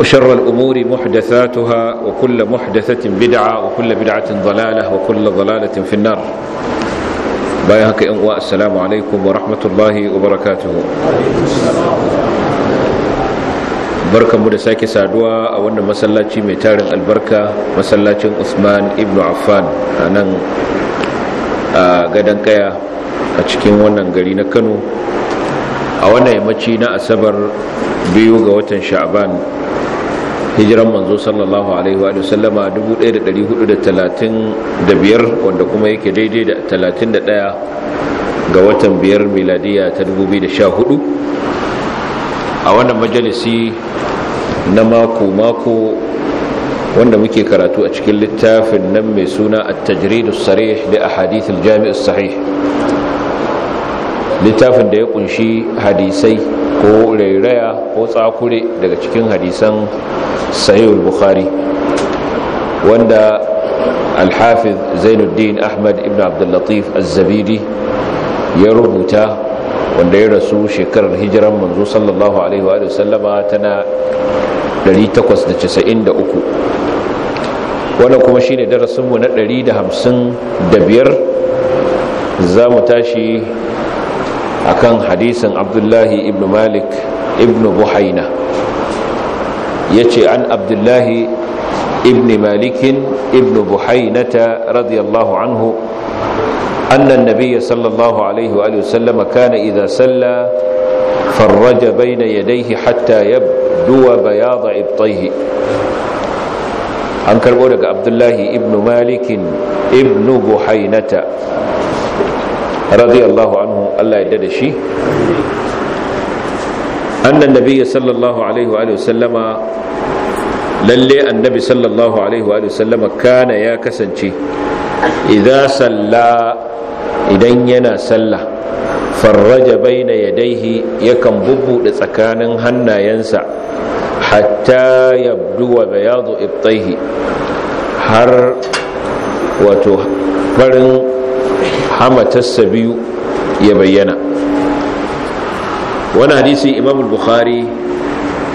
وشر الأمور محدثاتها وكل محدثة بدعة وكل بدعة ضلالة وكل ضلالة في النار بايهك إنواء السلام عليكم ورحمة الله وبركاته بركة مدساكي سادوا أولا مسلاتي ميتارن البركة مسلاتي عثمان ابن عفان أنا قدن كيا أتشكين ونن قرينا كانوا a wannan yammaci na asabar biyu ga watan sha'ban hijiran manzo sallallahu alaihi wa sallama 1435 wanda kuma yake daidai da 31 ga watan biyar miladiya ta 2014 a wannan majalisi na mako-mako wanda muke karatu a cikin littafin nan mai suna at-tajridus sarih da ahadithul jami'us sahih littafin da ya kunshi hadisai ko rairaya ko tsakure daga cikin hadisan sahihul bukhari wanda alhafiz zainuddin ahmad ibn abdullatif az-zabidi ya rubuta wanda ya rasu shekarar hijiran manzo sallallahu alaihi wa sallama tana 893 wannan kuma shine darasinmu na 155 za mu tashi akan hadisin abdullahi ibn malik ibn buhaina ya ce an abdullahi ibn malikin ibn buhainata radiyallahu anhu annan nabiya sallallahu alaihi wa sallama kana idha salla farraja bayna yadayhi hatta yabduwa bayada ibtayhi an karbo daga abdullahi ibn malikin ibn buhainata radiyallahu anhu Allah da shi annan sallallahu alaihi wa sallama lalle annabi sallallahu alaihi wa sallama kana ya kasance idza salla idan yana sallah farraja baina yadayhi yakan bubuɗe tsakanin hannayensa hatta yabduwa bayadu har wato farin hamatarsa biyu ya bayyana wani hadisi imam bukhari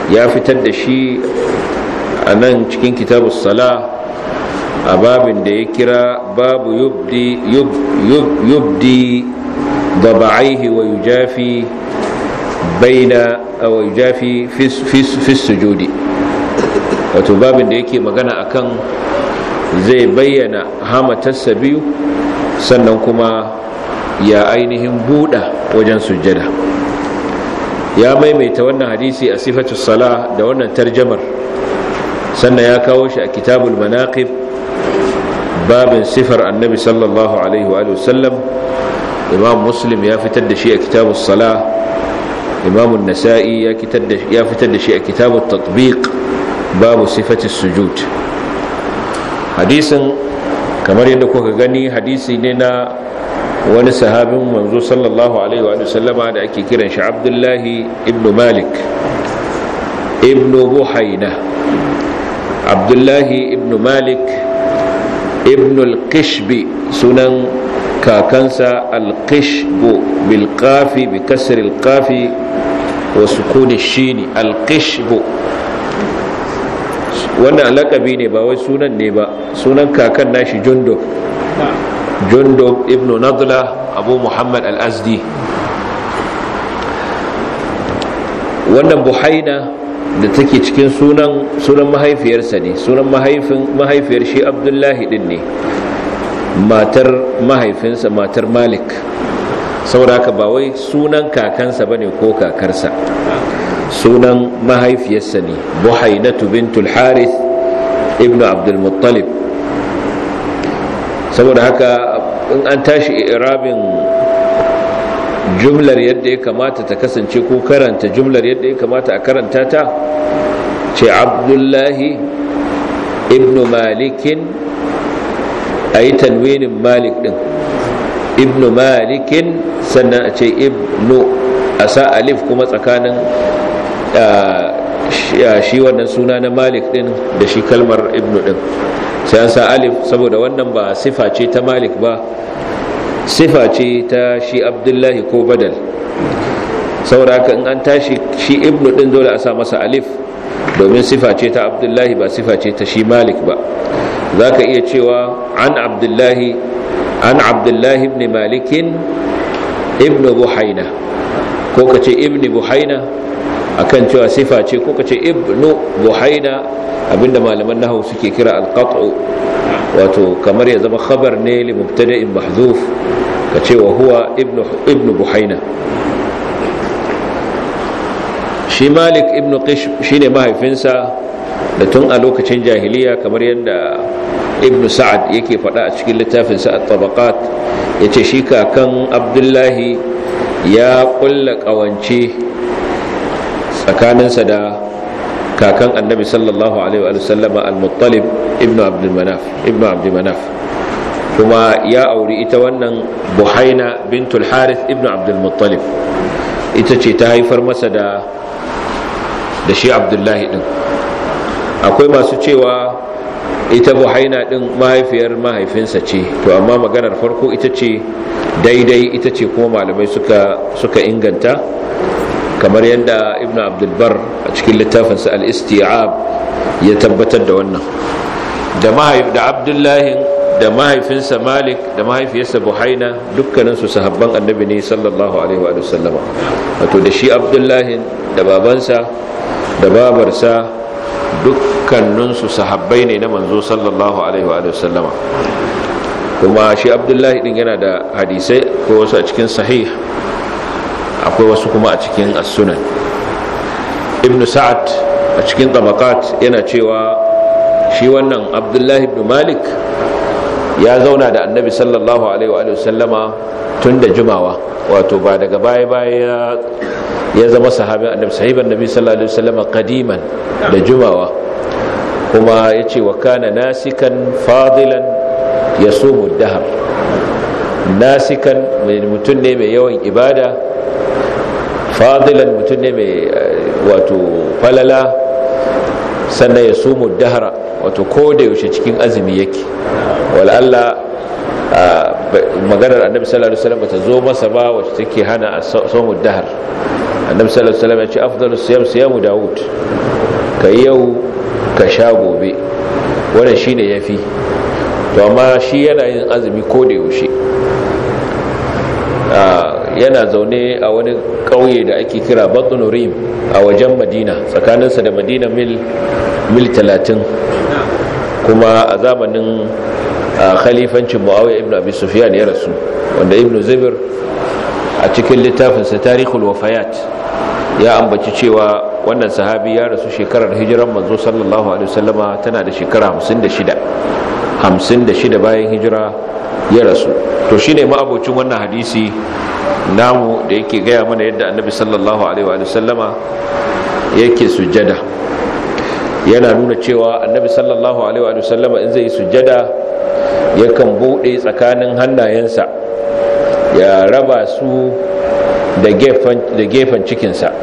ya fitar da shi a nan cikin kitabu sala a babin da ya kira babu yubdi da ba'aihi wa yujafi baina wa fisu wato babin da yake magana akan zai bayyana hamatarsa biyu sannan kuma ya ainihin buɗa wajen sujjada ya maimaita wannan hadisi a sifatu sala da wannan tarjamar sannan ya kawo shi a kitabul manaqib babin sifar annabi sallallahu alaihi wa sallam imam muslim ya fitar da shi a kitabul sala imam nasa'i ya fitar da shi a kitabul tatbiq babu sifati sujud hadisin kamar yadda kuka gani hadisi ne na wani sahabin manzo sallallahu alaihi wa sallama da ake kiran shi abdullahi ibnu malik ibnu buhaina abdullahi ibnu malik ibnu al-kishbi sunan kakansa al-kishbu bil qafi bi kasr al-qafi wa sukun ash al-kishbu wannan lakabi ne ba wai sunan ne ba sunan kakan nashi jundub jundub ibn nadla abu muhammad al-azdi wannan buhaina da take cikin sunan sunan mahaifiyarsa ne sunan mahaifin mahaifiyar shi abdullahi din ne matar mahaifinsa matar malik saboda haka ba wai sunan kakansa bane ko kakarsa sunan mahaifiyarsa ne buhainatu bintul harith ibn abdul muttalib saboda haka in an tashi irabin jumlar yadda ya kamata ta kasance ko karanta jumlar yadda ya kamata a karanta ta ce abdullahi ibnu malikin a yi tanwinin malik din ibnu malikin sannan a ce ibnu a alif kuma tsakanin shi wannan suna na malik din da shi kalmar ibnu din sai an sa alif saboda wannan ba sifa ce ta malik ba sifa ce ta shi abdullahi ko badal saboda haka in an tashi shi ibnu din dole a sa masa alif domin sifa ce ta abdullahi ba sifa ce ta shi malik ba za ka iya cewa an abdullahi an abdullahi ibn malikin ibnu buhaina ko ka ce ibn buhaina akan cewa sifa ce ko kace ibnu buhaina abinda malaman nahwu suke kira alqat'u wato kamar ya zama khabar ne li mubtada'in mahdhuf kace wa huwa ibnu ibnu buhaina shi malik ibnu qish shine mahaifinsa da tun a lokacin jahiliya kamar yadda ibnu sa'ad yake faɗa a cikin littafinsa at-tabaqat yace shi kakan abdullahi ya kulla kawance tsakaninsa da kakan annabi sallallahu alaihi wa al-muttalib ibnu al-manaf ibnu al-manaf kuma ya auri ita wannan buhaina bintul harith ibnu al-muttalib ita ce ta haifar masa da da shi abdullahi din akwai masu cewa ita buhaina din mahaifiyar mahaifinsa ce to amma maganar farko ita ce daidai ita ce kuma malamai suka suka inganta kamar yadda ibn abdulbar a cikin littafinsa al-isti'ab ya tabbatar da wannan da mahaif da abdullahi da mahaifinsa malik da mahaifiyarsa buhaina dukkaninsu sahabban annabi ne sallallahu alaihi wa sallama wato da shi abdullahi da babansa da babarsa dukkaninsu sahabbai ne na manzo sallallahu alaihi wa sallama kuma shi abdullahi din yana da hadisai ko wasu a cikin sahih akwai wasu kuma a cikin as-sunan ibn sa'ad a cikin tabaqat yana cewa shi wannan abdullahi ibn malik ya zauna da annabi sallallahu alaihi wa sallama tun da Jumawa. wato ba daga baya-baya ya zama sahabin annabi sahiban nabi sallallahu alaihi wa sallama kadiman da Jumawa. kuma ya ce wa kana nasikan fadilan ya sumu dahar nasikan mai mutum ne mai yawan ibada fadilan mutum ne mai eh, wato falala sannan ya sumu dahara wato ko da yaushe cikin azumi yake wal'alla maganar annabi sallallahu alaihi wasallam ta zo masa ba wacce take hana a sumu dahar annabi sallallahu alaihi wasallam ya ce afdalus siyam siyamu daud ka yau ka sha gobe wannan shine yafi to amma shi yana yin azumi ko da yaushe yana zaune a wani kauye da ake kira batunurim a wajen madina tsakaninsa da madina mil talatin kuma a zamanin khalifancin mu'awiyar ibn abu sufiyan ya rasu wanda ibn zubir a cikin littafinsa tarihul wafayat ya ambaci cewa wannan sahabi ya rasu shekarar hijiran manzo sallallahu alaihi wasallama tana da shekara 56 56 bayan hijira ya rasu to shine ma'abocin wannan hadisi namu da yake gaya mana yadda annabi sallallahu alaihi wa sallama yake sujjada yana nuna cewa annabi sallallahu alaihi wa sallama in zai sujjada yakan bude tsakanin hannayensa ya raba su da gefen da gefen cikinsa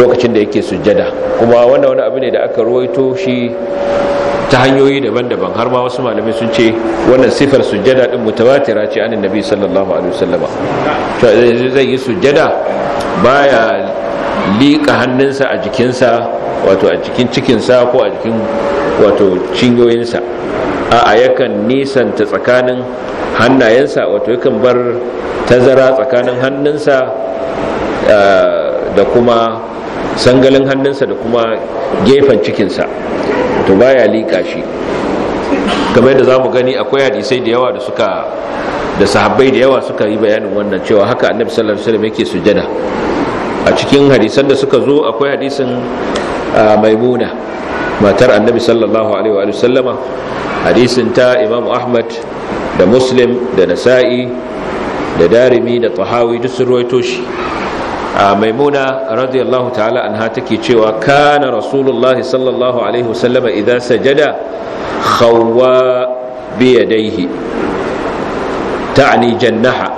lokacin da yake sujada kuma wannan wani abu ne da aka ruwaito shi ta hanyoyi daban-daban har ma wasu malamai sun ce wannan sifar sujada din mutawatira ce anin nabi sallallahu alaihi wasallama to zai yi sujjada baya liƙa hannunsa a jikinsa wato a cikin cikinsa ko a jikin wato cinyoyinsa a yakan nisanta tsakanin hannayensa wato yakan bar tazara tsakanin hannunsa eh, da kuma sangalin hannunsa da kuma gefen cikinsa to baya liƙa shi kamar yadda za mu gani akwai hadisai da yawa da suka da sahabbai da yawa suka yi bayanin wannan cewa haka annabi sallallahu alaihi wasallam yake sujada a cikin hadisan da suka zo akwai hadisin maimuna matar annabi sallallahu alaihi wa sallama hadisin ta imam ahmad da muslim da nasa'i da darimi da tahawi duk sun ruwaito shi maimuna radiyallahu ta'ala an anha take cewa kana rasulullahi sallallahu alaihi wasallama idan sajada khawwa biyadaihi ta'ni jannaha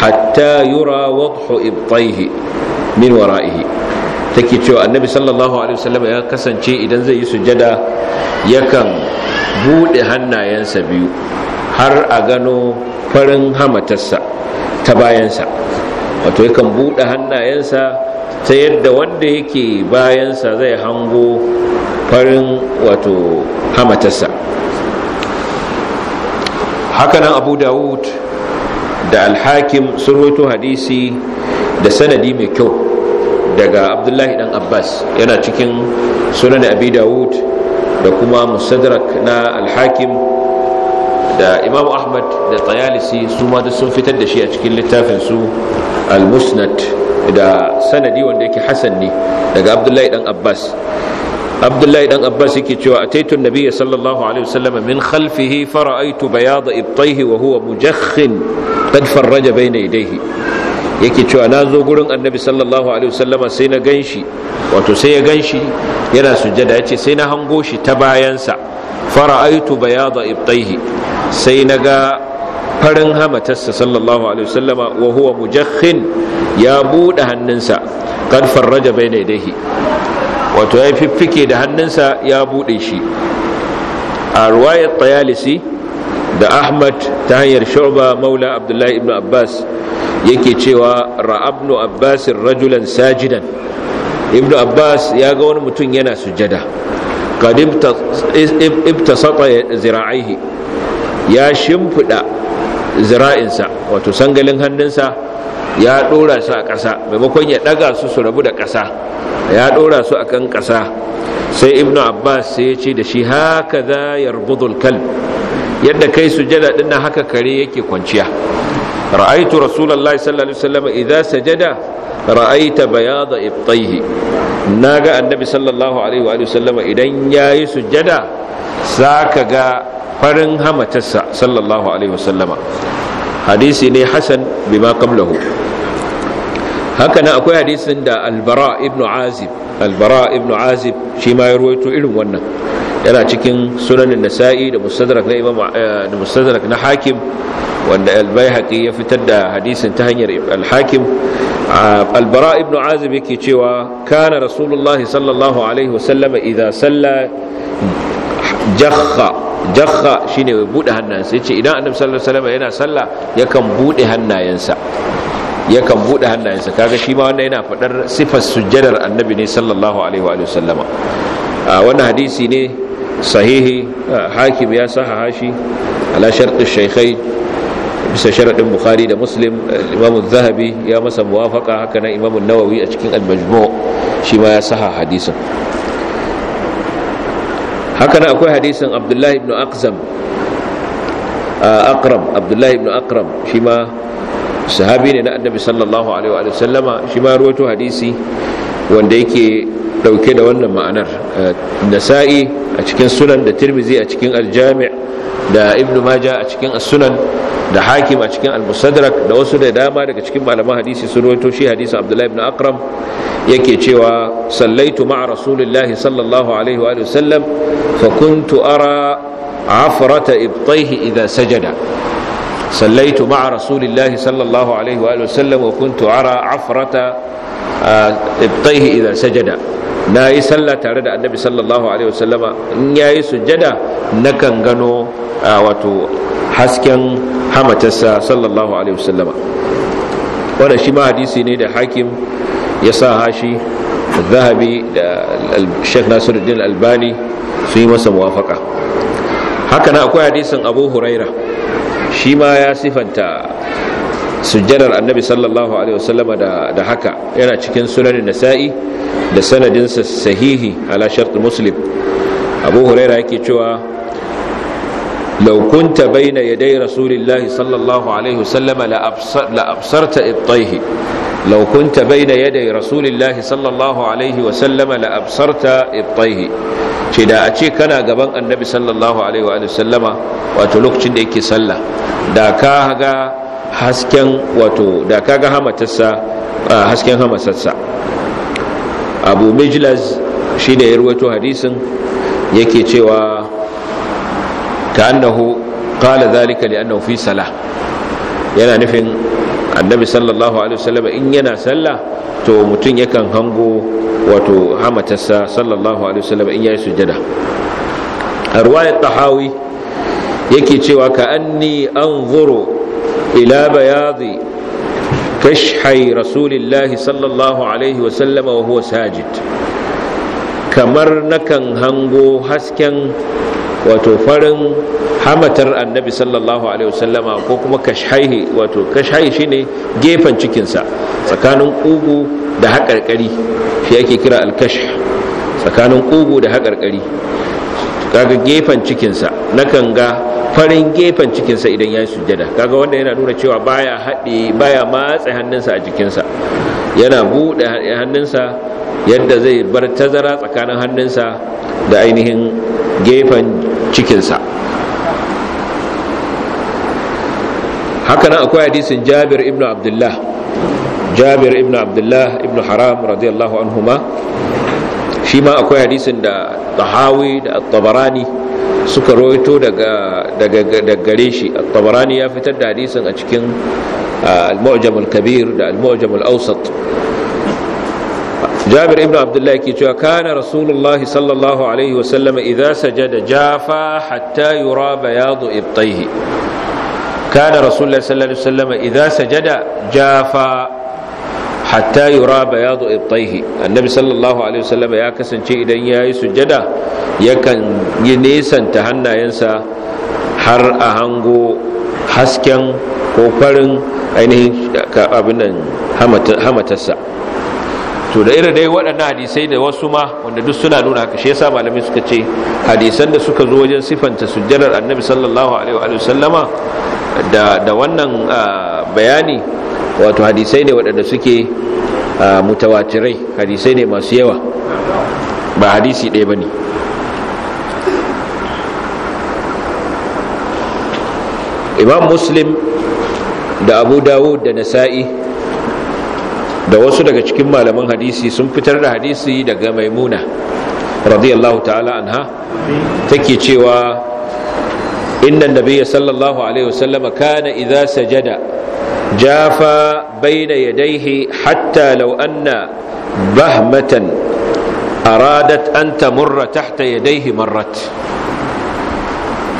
hatta yura wadhu ibtaihi min wara'ihi take cewa annabi sallallahu alaihi wasallama ya kasance idan zai yi sujada yakan bude hannayensa biyu har a gano farin hamatarsa ta bayansa wato yakan buɗe hannayensa ta yadda wanda yake bayansa zai hango farin wato hamatarsa hakanan abu dawud da alhakim sun roto hadisi da sanadi mai kyau daga abdullahi dan abbas yana cikin sunan abi dawud da kuma musadrak na alhakim da imam ahmad da tayalisi su ma duk sun fitar da shi a cikin littafin su al-musnad da sanadi wanda yake hasan ne daga abdullahi dan abbas abdullahi dan abbas yake cewa ataitu nabiyya sallallahu alaihi wasallam min khalfihi fara'aytu bayada ibtayhi wa huwa mujakhin qad farraja bayna yadayhi yake cewa na zo gurin annabi sallallahu alaihi wasallama sai na ganshi wato sai ya ganshi yana sujjada yace sai na hango shi ta bayansa fara'aitu bayada ibtaihi sai naga farin hamatarsa sallallahu alaihi wasallama wa huwa ya bude hannunsa kan farraja bayna yadayhi wato ya fiffike da hannunsa ya bude shi a ruwayar tayalisi da ahmad ta hanyar shu'ba maula abdullahi ibn abbas yake cewa ra'abnu abbasin rajulan sajidan ibn abbas ya ga wani mutum yana sujada qad ibtasata zira'ihi ya shimfida zira'insa wato sangalin hannunsa ya dora su a ƙasa maimakon ya daga su su rabu da ƙasa ya dora su a kan ƙasa sai ibnu abbas sai ya ce da shi haka za yarbudul kal. yadda kai sujada din nan haka kare yake kwanciya ra'aitu rasulullahi sallallahu alaihi wasallam idza sajada ra'aita bayada ibtayhi naga annabi sallallahu alaihi wa sallam idan yayi sujada zaka ga farin hamatarsa sallallahu alaihi wasallama hadisi ne hasan bima qablahu haka nan akwai hadisin da albara ibnu azib albara ibnu azib shi ma ya ruwaito irin wannan yana cikin sunanin nasa'i da mustadrak na imam eh, da mustadrak na hakim wanda al-baihaqi ya fitar da hadisin ta hanyar al-hakim al-bara ibn azib yake cewa kana rasulullahi sallallahu alaihi wasallam idza salla jakha jakha shine ya bude hannayensa yace idan annabi sallallahu alaihi wasallam yana sallah yakan bude hannayensa yakan bude hannayensa kaga shi ma wannan yana fadar sifar sujjadar annabi ne sallallahu alaihi wa sallama wannan hadisi ne sahihi eh, hakim ya saha hashi ala sharɗin shaikhai bisa sharaɗin bukhari da muslim eh, imamun zahabi ya masa muwafaka haka na imamun nawawi a cikin almajmo shi ma ya saha hadisin haka na akwai hadisin abdullahi ibn aqzam eh, akram abdullahi ibn akram shi ma sahabi ne na annabi sallallahu alaihi wa sallama shi ma ruwato hadisi wanda yake dauke da wannan ma'anar eh, nasa'i a cikin sunan da tirmizi a cikin aljami' da ibn majah a cikin as-sunan da hakim a cikin al-musadrak da wasu da dama daga cikin malaman hadisi sun rawaito shi hadisi abdullahi ibn akram yake cewa sallaitu ma'a rasulillahi sallallahu alaihi wa sallam fa kuntu ara afrata ibtayhi idha sajada sallaitu ma'a rasulillahi sallallahu alaihi wa sallam wa kuntu ara afrata ibtaihi idan sajada na yi sallah tare da annabi sallallahu alaihi wasallama in ya yi sujada na kan gano wato hasken hamatarsa sallallahu alaihi wasallama wanda shi ma hadisi ne da hakim ya sa hashi zahabi da shek nasiruddin albani su yi masa muwafaka haka na akwai hadisin abu huraira shi ma ya sifanta sujjadar annabi sallallahu alaihi wasallama da, da haka yana cikin sunanin nasa'i da sanadinsa sahihi ala shart muslim abu huraira yake cewa لو كنت بين يدي رسول الله صلى الله عليه وسلم لأبصرت إبطيه لو كنت بين يدي رسول الله صلى الله عليه وسلم لأبصرت إبطيه ce da a ce kana gaban annabi sallallahu alaihi wa sallama wato lokacin da yake sallah da ka ga hasken wato da kaga hamatarsa hasken hamasarsa abu mijlaz shi ne ya ruwaito hadisin yake cewa ta annahu kala zalika li annahu fi salah yana nufin annabi sallallahu alaihi wasallam in yana sallah to mutum yakan hango wato hamatarsa sallallahu alaihi wasallam in yayi sujada a ruwayar tahawi yake cewa ka anni anzuru إلى بياض كشحي رسول الله صلى الله عليه وسلم وهو ساجد kamar nakan hango hasken wato farin hamatar annabi sallallahu alaihi wasallama ko kuma kashhaihi wato kashhaihi shine gefen cikinsa tsakanin kugu da haƙarƙari shi ake kira alkashh tsakanin kugu da haƙarƙari kaga gefen cikinsa na kan ga farin gefen cikinsa idan ya yi sujada kaga wanda yana nuna cewa baya haɗe baya matse hannunsa a jikinsa yana buɗe hannunsa yadda zai bar tazara tsakanin hannunsa da ainihin gefen cikinsa haka akwai hadisin jabir ibn abdullah jabir ibn abdullah ibn haram radiyallahu anhuma shi ma akwai hadisin da tahawi da tabarani suka roito daga gare shi tabarani ya fitar da hadisin a cikin al-mu'jam al-kabir da al-mu'jam al-awsat jabir ibn abdullah yake cewa kana rasulullahi sallallahu alaihi wa wasallam idza sajada jafa hatta yura bayadu ibtayhi kana rasulullahi sallallahu alaihi wa wasallam idza sajada jafa hatta yura bayadu ibtaihi annabi sallallahu alaihi wasallam ya kasance idan yayi sujada yakan yi nesanta hannayensa har a hango hasken ko farin ainihin abinan hamatarsa to da irin dai waɗannan hadisai da wasu ma wanda duk suna nuna haka shi yasa malamai suka ce hadisan da suka zo wajen sifanta sujjadar annabi sallallahu alaihi da da wannan ah, bayani wato hadisai ne waɗanda suke mutawatirai hadisai ne masu yawa ba hadisi ɗaya ba ne imam muslim da abu dawud da nasa'i da wasu daga cikin malaman hadisi sun fitar da hadisi daga maimuna radiyallahu ta'ala anha take cewa inna nabiyya sallallahu alaihi wasallama kana idza sajada جافا بين يديه حتى لو أن بهمة أرادت أن تمر تحت يديه مرت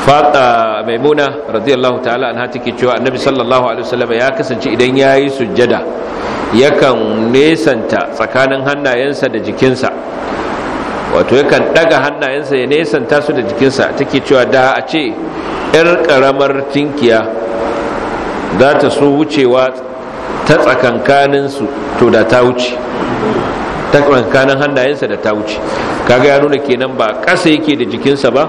maimuna radiyallahu ta'ala anha take cewa annabi sallallahu alaihi wasallam ya kasance idan yayi sujjada yakan nesanta tsakanin hannayensa da jikinsa wato yakan ɗaga hannayensa ya nesanta su da jikinsa take cewa da a ce yar karamar tinkiya za ta so wucewa ta tsakankaninsu to da ta wuce ta tsakankanin hannayensa da ta wuce kaga ya nuna kenan ba ƙasa yake da jikinsa ba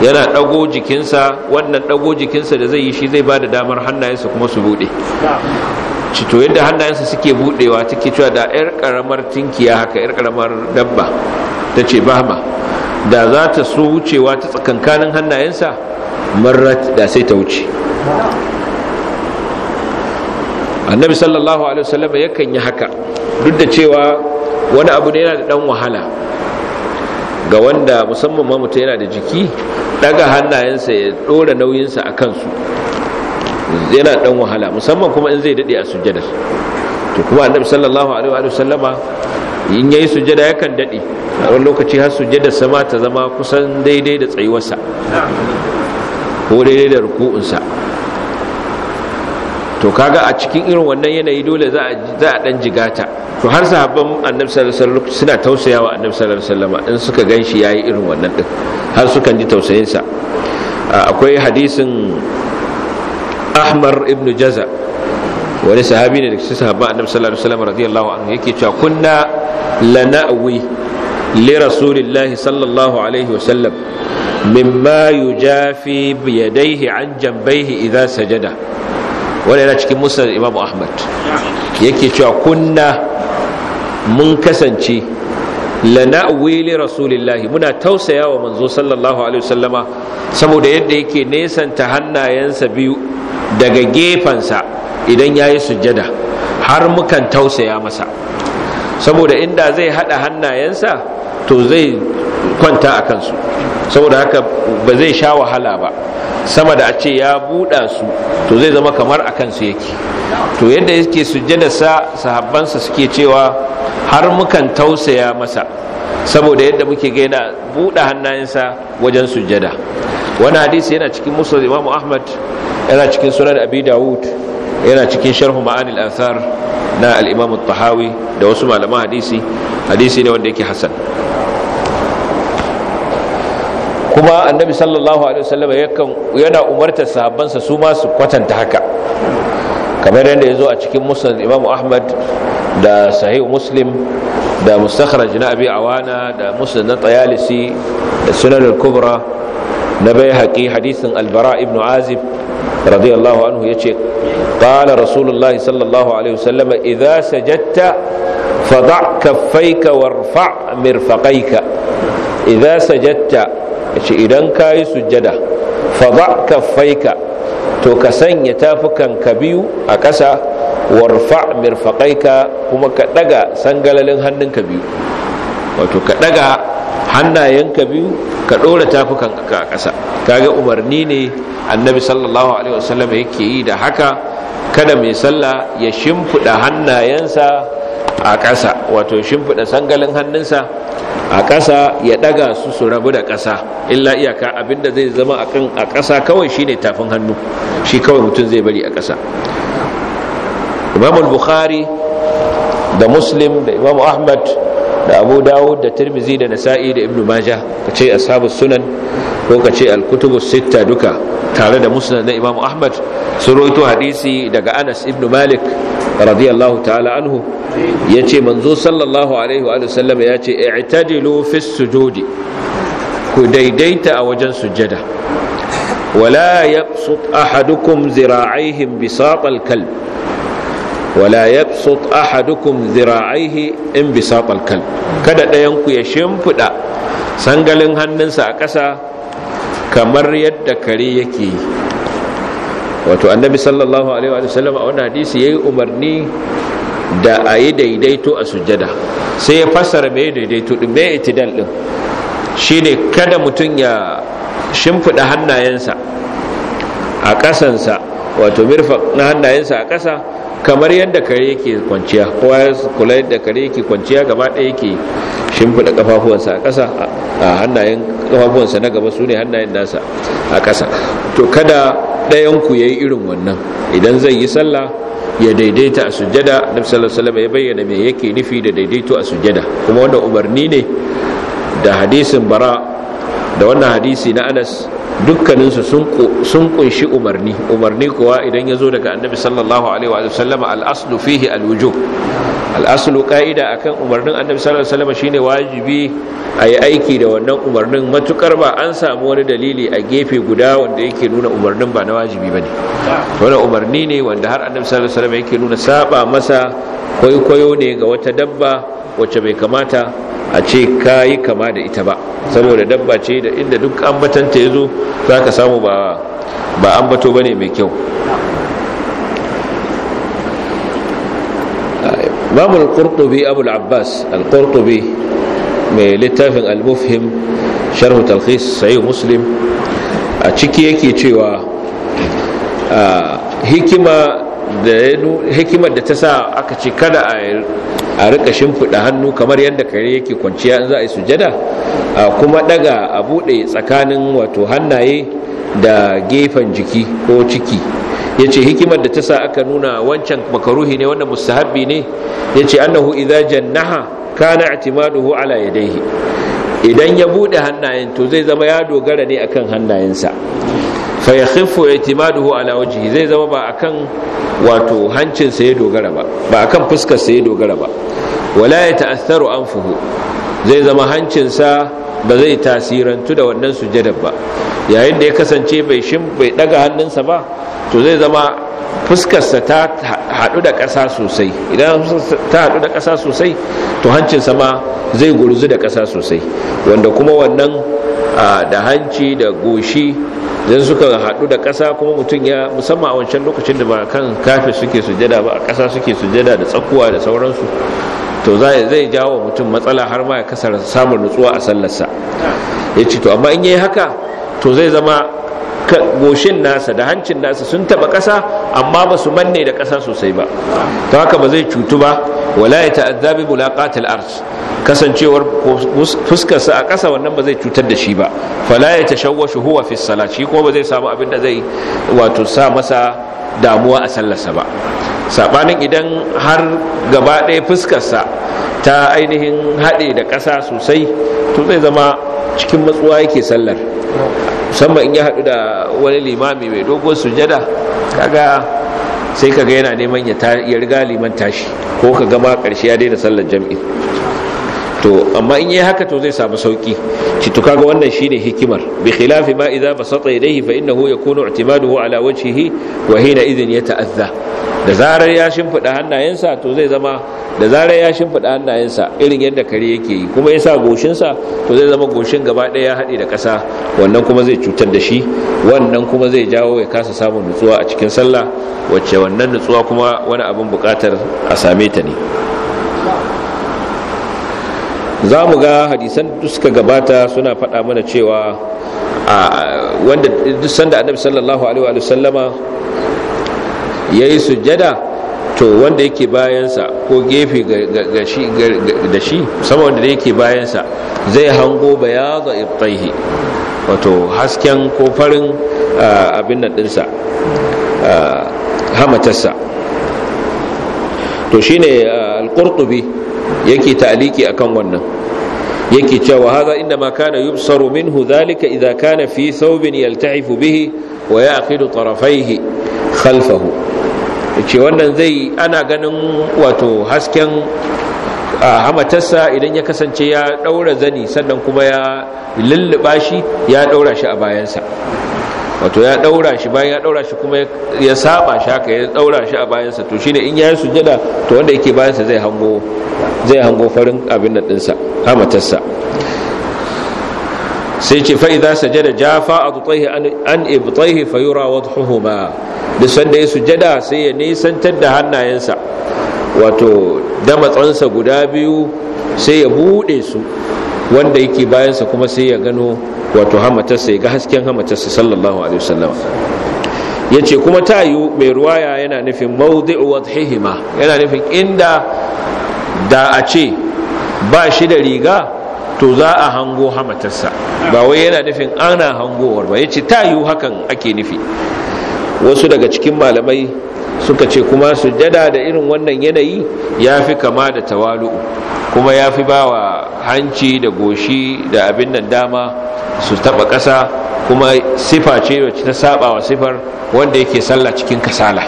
yana ɗago jikinsa wannan ɗago jikinsa da zai yi shi zai ba da damar hannayensa kuma su buɗe cito yadda hannayensa suke buɗewa take cewa da 'yar ƙaramar tinkiya haka 'yar ƙaramar dabba ta ce ma da za ta so wucewa ta tsakankanin hannayensa marrat da sai ta wuce annabi sallallahu alaihi wasallam yakan yi haka duk da cewa wani abu ne yana da dan wahala ga wanda musamman ma mutum yana da jiki daga hannayensa ya dora nauyinsa a kansu yana dan wahala musamman kuma in zai dade a sujjadar to kuma annabi sallallahu alaihi wa sallama in yayi sujjada yakan dade a wani lokaci har sujjadar sama ta zama kusan daidai da tsayuwarsa ko daidai da ruku'unsa to kaga a cikin irin wannan yanayi dole za a dan jigata to har sahabban annabi sallallahu alaihi wasallam suna tausayawa annabi sallallahu alaihi wasallam in suka ganshi yayi irin wannan din har sukan ji tausayin sa akwai hadisin Ahmar ibn Jaza wani sahabi ne da cikin sahabban annabi sallallahu alaihi wasallam radiyallahu anhu yake cewa kunna lana'wi li rasulillahi sallallahu alaihi wasallam mimma yujafi biyadaihi an jambayhi idza sajada wanda yana cikin musa imam ahmad yake cewa kunna mun kasance lana'wi li rasulillahi muna tausaya wa manzo sallallahu alaihi wasallama saboda yadda yake nesanta hannayensa biyu daga gefensa idan yayi sujjada har mukan tausaya masa saboda inda zai hada hannayensa to zai kwanta a kansu saboda haka ba zai sha wahala ba sama da a ce ya buɗa su to zai zama kamar a kansu yake to yadda yake sujjada sa sahabbansa suke cewa har mukan tausaya masa saboda yadda muke ga yana buɗe hannayensa wajen sujjada wani hadisi yana cikin musul imam ahmad yana cikin sunan abi dawud yana cikin sharhu ma'anil asar na al-imam tahawi da wasu malaman hadisi hadisi ne wanda yake hasan kuma annabi sallallahu alaihi wasallam yana umartar sahabbansa su ma su kwatanta haka kamar yadda ya a cikin musnad imamu ahmad da sahih muslim da mustakhraj na abi awana da musnad na tayalisi da sunan al-kubra na bai haƙi Al-Bara' ibn azib radiyallahu anhu yace ce ƙala rasulullahi sallallahu alaihi wasallama idza sajatta fada kaffaika warfa mirfaqaika idza sajatta yace idan kayi sujjada fa ba faika to ka sanya tafukan ka biyu a ƙasa warfa mirfaqaika kuma ka daga sangalalin hannun ka biyu wato ka daga hannayenka biyu ka dora tafukan ka a ƙasa kaga umarni ne annabi sallallahu alaihi wasallam yake yi da haka kada mai sallah ya shimfida hannayensa a ƙasa wato shimfiɗa sangalin hannunsa a ƙasa ya ɗaga su su rabu da ƙasa illa iyaka abinda zai zama a ƙasa kawai shine tafin hannu shi kawai mutum zai bari a ƙasa imamul bukhari da muslim da imamu ahmad da abu dawud da tirmizi da nasa'i da ibnu maja ka ce ashabus sunan ko ka ce al sitta duka tare da musnad na imam ahmad sun roito hadisi daga anas ibnu malik radiyallahu ta'ala anhu yace manzo sallallahu alaihi wa sallam yace i'tadilu fi sujudi ku daidaita a wajen sujjada wala yabsut ahadukum zira'aihim bisaqal kalb wala yabsut ahadukum zira'aihi in bisatal kalb kada ɗayan ku ya shimfida sangalin hannunsa a ƙasa kamar yadda kare yake yi wato annabi sallallahu alaihi wa sallam a wannan hadisi yayi umarni da ayi daidaito a sujada. sai ya fassara me daidaito din me itidal din shine kada mutum ya shimfida hannayensa a ƙasansa wato mirfa na hannayensa a ƙasa kamar yadda kare yake kwanciya kowa ya kula yadda kare yake kwanciya gaba ɗaya yake shimfiɗa ƙafafuwansa a ƙasa a hannayen kafafuwansa na gaba su ne hannayen nasa a ƙasa to kada ɗayanku ya yi irin wannan idan zai yi sallah ya daidaita a sujjada na sallallahu ya bayyana me yake nufi da daidaito a sujada kuma wanda umarni ne da hadisin bara da wannan hadisi na anas dukkaninsu sun kunshi umarni umarni kuwa idan ya zo daga annabi sallallahu alaihi wa sallama al'aslu fihi alwujub al'aslu ka'ida akan umarnin annabi sallallahu alaihi wa shine wajibi a yi aiki da wannan umarnin matukar ba an samu wani dalili a gefe guda wanda yake nuna umarnin ba na wajibi ba ne wani umarni ne wanda har annabi sallallahu alaihi wa yake nuna saba masa kwaikwayo ne ga wata dabba wacce bai kamata a ce yi kama da ita ba saboda dabba ce da inda duk ambatanta ya zo za ka samu ba ambato ba ne mai kyau babu al-qurtubi abu abbas al-qurtubi mai littafin al-mufhim sharhu talqis, sayu muslim a ciki yake cewa hikima da hikimar da ta sa aka ce kada a a rika shimfiɗa hannu kamar yadda kare yake kwanciya in za a yi sujada kuma daga a buɗe tsakanin wato hannaye da gefen jiki ko ciki ya ce hikimar da ta sa aka nuna wancan makaruhi ne wanda mustahabbi ne ya ce annahu idza jannaha kana i'timaduhu ala yadayhi idan ya buɗe hannayen to zai zama ya dogara ne akan hannayensa fa ma i'timaduhu ala wajhi zai zama ba akan wato hancin sa ya dogara ba ba akan fuskar sa ya dogara ba wala ya ta'assaru anfuhu zai zama hancin sa ba zai tasirantu da wannan sujadar ba yayin da ya kasance bai shin bai daga hannunsa ba to zai zama fuskarsa ta hadu da ƙasa sosai idan ta hadu da ƙasa sosai to hancin sa ma zai gurzu da ƙasa sosai wanda kuma wannan da hanci da goshi idan suka haɗu da ƙasa kuma mutum ya musamman a wancan lokacin da ba kan kafe suke sujada ba a ƙasa suke sujada da tsakuwa da sauransu to zai jawo mutum matsala har ma ya kasar samun nutsuwa a sallarsa ya ce to amma in yi haka to zai zama goshin nasa da hancin nasa sun taba ƙasa amma ba su manne da ƙasa sosai ba ta haka ba zai cutu ba wala ya ta'azza bi mulaqatil ars kasancewar fuskarsa a ƙasa wannan ba zai cutar da shi ba fala ya tashawwashu huwa fi salati shi ba zai samu abin da zai wato sa masa damuwa a sallarsa ba sabanin idan har gaba ɗaya fuskarsa ta ainihin haɗe da ƙasa sosai to zai zama cikin matsuwa yake sallar musamman in ya haɗu da wani limami mai dogon sujada kaga sai kaga yana neman ya riga liman tashi ko ka gama ƙarshe ya daina sallar jam'i to amma in yi haka to zai samu sauki ci to kaga wannan shine hikimar bi khilafi ma idza basata ilayhi fa innahu yakunu i'timaduhu ala wajhihi wa hina idhin yata'adha da zarar ya shimfida hannayensa to zai zama da zarar ya shimfida hannayensa irin yadda kare yake yi kuma yasa goshin sa to zai zama goshin gaba daya ya hade da kasa wannan kuma zai cutar da shi wannan kuma zai jawo ya kasa samun nutsuwa a cikin sallah wacce wannan nutsuwa kuma wani abin bukatar a same ta ne za mu ga hadisan suka gabata suna faɗa mana cewa a wanda duk sanda annabi sallallahu alaihi wa sallama ya yi sujjada to wanda yake bayansa ko gefe da shi sama wanda yake bayansa zai hango bayaza ibtaihi wato hasken ko farin abin nan dinsa, hamatarsa to shine al-qurtubi yake ta'liki akan wannan yake cewa haza inna ma kana yubsaru minhu dhalika idha kana fi thawbin yaltahifu bihi wa ya'qidu tarafayhi khalfahu yace wannan zai ana ganin wato hasken hamatarsa idan ya kasance ya daura zani sannan kuma ya lulluɓa shi ya daura shi a bayansa wato ya daura shi bayan ya daura shi kuma ya saba shi haka ya daura shi a bayansa to shine in yayi sujjada to wanda yake bayansa zai hango zai hango farin abin da dinsa hamatarsa sai ce idza sajada jafa a an ibtaihi fayura wadhuhuma duk sanda ya sujada sai ya nisantar da hannayensa wato da matsansa guda biyu sai ya buɗe su wanda yake bayansa kuma sai ya gano wato hamatarsa ya ga hasken hamatarsa sallallahu alaihi wasallam ya kuma ta mai ruwaya yana nufin mawdi'u wadhihima yana nufin inda da a ce ba shi da riga to za a hango hamatarsa ba wai yana nufin ana hangowar ba yace ce ta hakan ake nufi wasu daga cikin malamai suka ce kuma sujada da irin wannan yanayi ya fi kama da tawalu'u kuma ya fi ba wa hanci da goshi da abin nan dama su taba ƙasa kuma sifa ce wacce ta saba wa sifar wanda yake sallah cikin kasala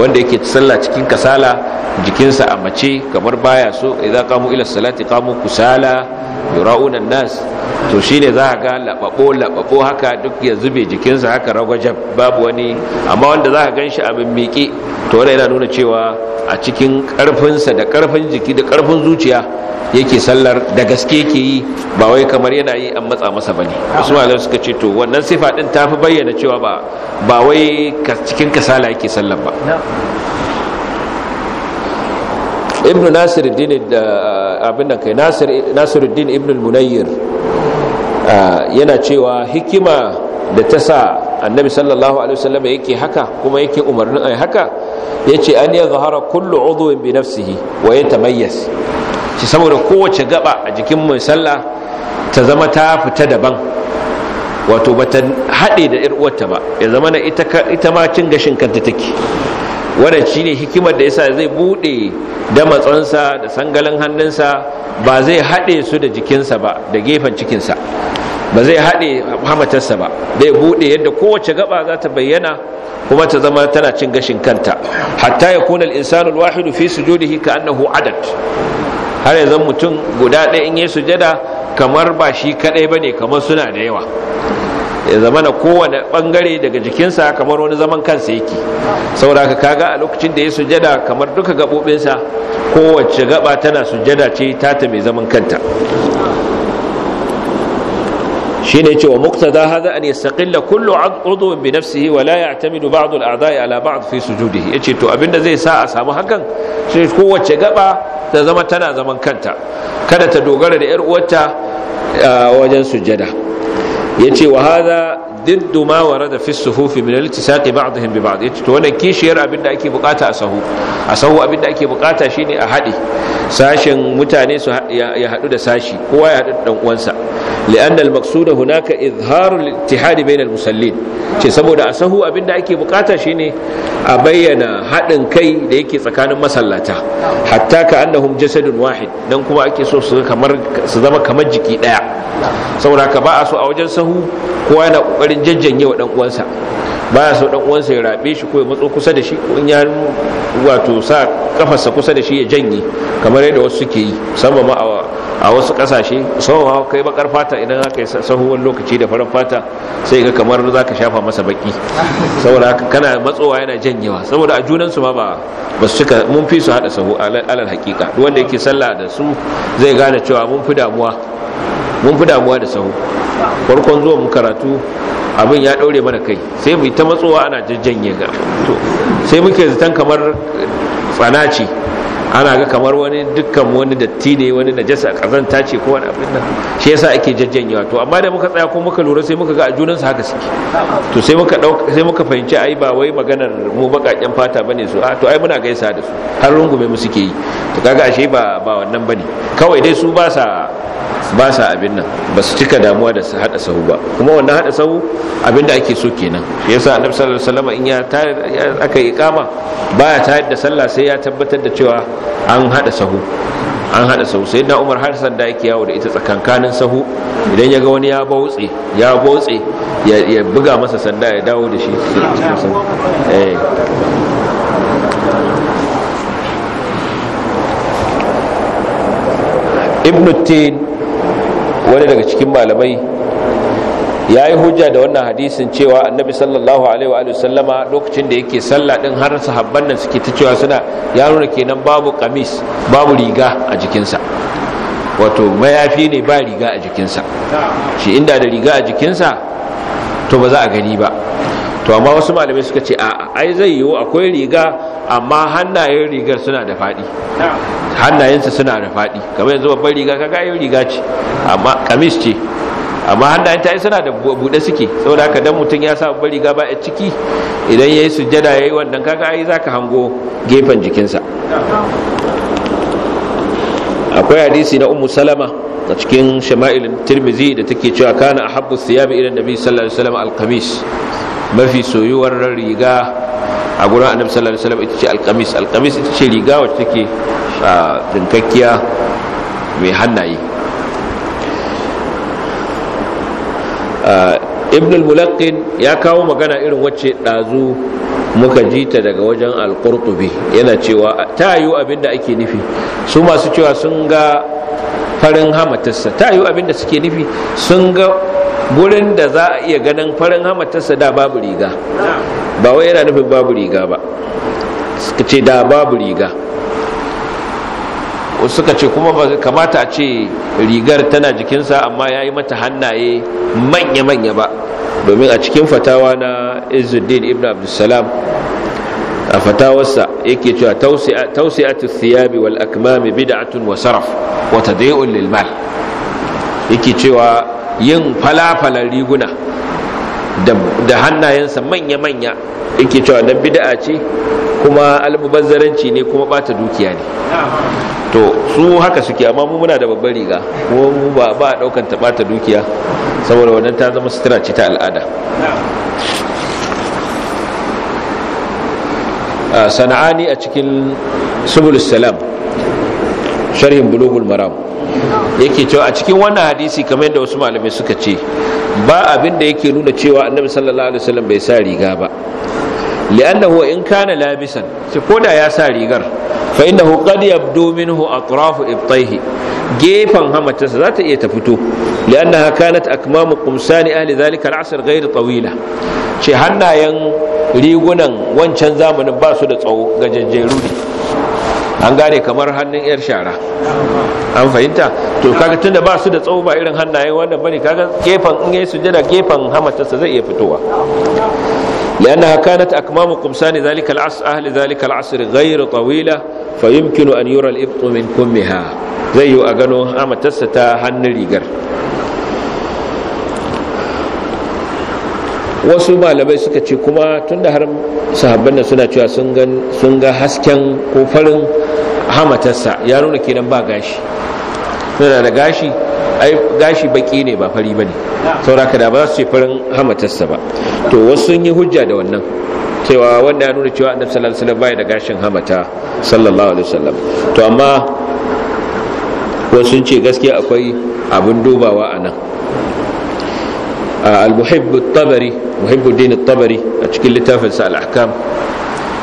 wanda yake sallah cikin kasala jikinsa a mace kamar baya so idan qamu ila salati qamu kusala yura'una nas to shine za ka ga lababo lababo haka duk ya zube jikinsa haka ragwajab babu wani amma wanda za ka shi abin miƙe to wannan yana nuna cewa a cikin ƙarfinsa da ƙarfin jiki da ƙarfin zuciya yake sallar da gaske ke yi ba wai kamar yana yi an matsa masa bane wasu malamai suka ce to wannan sifa din ta fi bayyana cewa ba ba wai cikin kasala yake sallar ba Ibn nasiruddin da abin nan kai nasiruddin Ibn munayyir yana cewa hikima da ta sa annabi sallallahu alaihi wasallam yake haka kuma yake umarnin ai haka yace an ya zahara kullu udwin bi nafsihi wa yatamayyiz shi saboda kowace gaba a jikin mai sallah ta zama ta fita daban wato bata haɗe da 'yar ba ya zama na ita ma cin gashin kanta take wannan ne hikimar da yasa zai bude da matsansa da sangalin hannunsa ba zai haɗe su da jikinsa ba da gefen cikinsa ba zai haɗe hamatarsa ba zai bude yadda kowace gaba za ta bayyana kuma ta zama tana cin gashin kanta hatta ya kuna al wahidu fi sujudihi annahu adad har yanzu mutum guda ɗaya in yi sujada kamar ba shi kaɗai ba ne kamar suna da yawa ya zama na kowane bangare daga jikinsa kamar wani zaman kansa yake saboda ka kaga a lokacin da ya sujada kamar duka gabobinsa kowace gaba tana sujada ce tata mai zaman kanta shine cewa muqtada hada an saƙilla kullu udhu bi nafsihi wa la ya'tamidu ba'd al-a'dha'i ala ba'd fi sujudihi ce to abinda zai sa a samu hakan shi kowace gaba ta zama tana zaman kanta kada ta dogara da yar uwarta wajen sujada ya ce wa haza diddu ma warada fi suhufi min al-tisaqi ba'dihim bi ba'd yace wannan kishiyar abinda ake bukata a sahu a sahu abinda ake bukata shine a hade sashin mutane su ya hadu da sashi ko ya hadu da dan uwansa li'an al-maqsud hunaka izharu al-ittihad bain musallin ce saboda a sahu abinda ake bukata shine a bayyana haɗin kai da yake tsakanin masallata hatta ka annahum jasadun wahid dan kuma ake so su zama kamar jiki daya saboda ka ba a so a wajen sahu kowa yana kokarin jajjanye wa dan uwansa baya so dan uwansa ya raɓe shi ko ya matso kusa da shi ko ya wato sa kafarsa kusa da shi ya janye kamar yadda wasu suke yi musamman ma a wasu kasashe musamman kai bakar fata idan haka ya yi wani lokaci da farar fata sai ga kamar za ka shafa masa baki saboda haka kana matsowa yana janyewa saboda a junansu ma ba ba su cika mun fi su hada sahu alal hakika wanda yake sallah da su zai gane cewa mun fi damuwa mun fi damuwa da sahu farkon zuwa mu karatu abin ya daure mana kai sai mu ta matsowa ana jajjanye ga to sai muke zitan kamar tsanaci ana ga kamar wani dukkan wani datti ne wani najasa kazanta ce ko wani abin nan shi yasa ake jajjanyewa to amma da muka tsaya ko muka lura sai muka ga ajunan su haka suke to sai muka sai muka fahimci ai ba wai maganar mu bakakken fata bane su a to ai muna gaisa da su har rungume mu suke yi to kaga ashe ba ba wannan bane kawai dai su ba sa ba sa abin nan ba su cika damuwa da su hada sahu ba kuma wannan hada sahu abin da ake so kenan yasa annabi sallallahu alaihi wasallam in ya tare aka yi kama baya tayar da sallah sai ya tabbatar da cewa an hada sahu an hada sahu sai da Umar har sanda yake yawo da ita tsakankanin sahu idan ya ga wani ya bautse ya bautse ya buga masa sanda ya dawo da shi eh ibn tin wani daga cikin malamai ya yi hujja da wannan hadisin cewa annabi sallallahu alaihi wa sallama lokacin da yake sallah din har sahabban nan suke ta cewa suna ya nuna kenan babu kamis babu riga a jikinsa wato mayafi ne ba riga a jikinsa shi inda da riga a jikinsa to ba za a gani ba to amma wasu malamai suka ce a'a ai zai yiwu akwai riga amma hannayen rigar suna da faɗi hannayensa suna da faɗi kamar yanzu babban riga kaga ayin riga ce amma kamis ce amma hannayen ta yi suna da buɗe suke saboda haka dan mutum ya sa babban riga ba a ciki idan ya yi sujjada ya yi wannan kaga ai za ka hango gefen jikinsa akwai hadisi na ummu salama a cikin shama'il tirmizi da take cewa kana ahabbu thiyabi ila nabi sallallahu alaihi wasallam alqamis mafi soyuwar riga a gurin annabi sallallahu alaihi wasallam ita ce alqamis alqamis ita ce riga wacce take dinkakkiya mai hannaye ibn al-mulaqqin ya kawo magana irin wacce dazu muka ji ta daga wajen al-qurtubi yana cewa ta yiwu abinda ake nufi su masu cewa sun ga farin hamatarsa ta yi abin da suke nufi sun ga gurin da za a iya ganin farin hamatarsa da babu riga ba wai yana nufin babu riga ba suka ce da babu riga suka ce kuma ba kamata a ce rigar tana jikinsa amma ya yi mata hannaye manya-manya ba domin a cikin fatawa na izuddin ibn abdulsalam a fatawarsa yake cewa tawsi'atu thiyabi wal akmami bid'atun wa saraf wa tadayyu lil mal yake cewa yin falafalan riguna da hannayensa manya-manya yake cewa dan bid'a ce kuma almubazzaranci ne kuma bata dukiya ne to su haka suke amma mu muna da babbar riga kuma mu ba ba daukan ta bata dukiya saboda wannan ta zama sutura ce ta al'ada sana'ani a cikin subul salam sharhin bulugul maram yake cewa a cikin wannan hadisi kamar yadda wasu malamai suka ce ba abin da yake nuna cewa annabi sallallahu alaihi wasallam bai sa riga ba li'annahu in kana labisan ce koda ya sa rigar fa innahu qad yabdu minhu atrafu ibtayhi gefan hamatarsa za ta iya ta fito li'annaha kanat akmamu qumsani ahli zalika al'asr ghayr tawila ce hannayen rigunan wancan zamanin ba su da tsawo ga jajjeru ne an gane kamar hannun yar shara an fahimta to kaga tunda ba su da tsawo ba irin hannayen wannan bane kaga gefen in yayi sujada gefen hamatarsa zai iya fitowa لأنها كانت أكمام قمصان ذلك العصر أهل ذلك العصر غير طويلة فيمكن أن يرى الإبط من كمها زي أغنو أما ta hannun rigar. wasu malamai suka ce kuma tun da har sahabban da suna cewa sun ga hasken ko farin hamatarsa ya nuna kenan ba gashi suna da gashi ai gashi baki ne ba fari ba ne sauraka da ba za su ce farin hamatarsa ba to wasu sun yi hujja da wannan cewa wanda ya nuna cewa annabi sallallahu alaihi wasallam bai da gashin hamata sallallahu alaihi wasallam to amma wasu sun ce gaskiya akwai abin dubawa a nan al-muhibb at-tabari muhibbuddin at a cikin littafin sa al-ahkam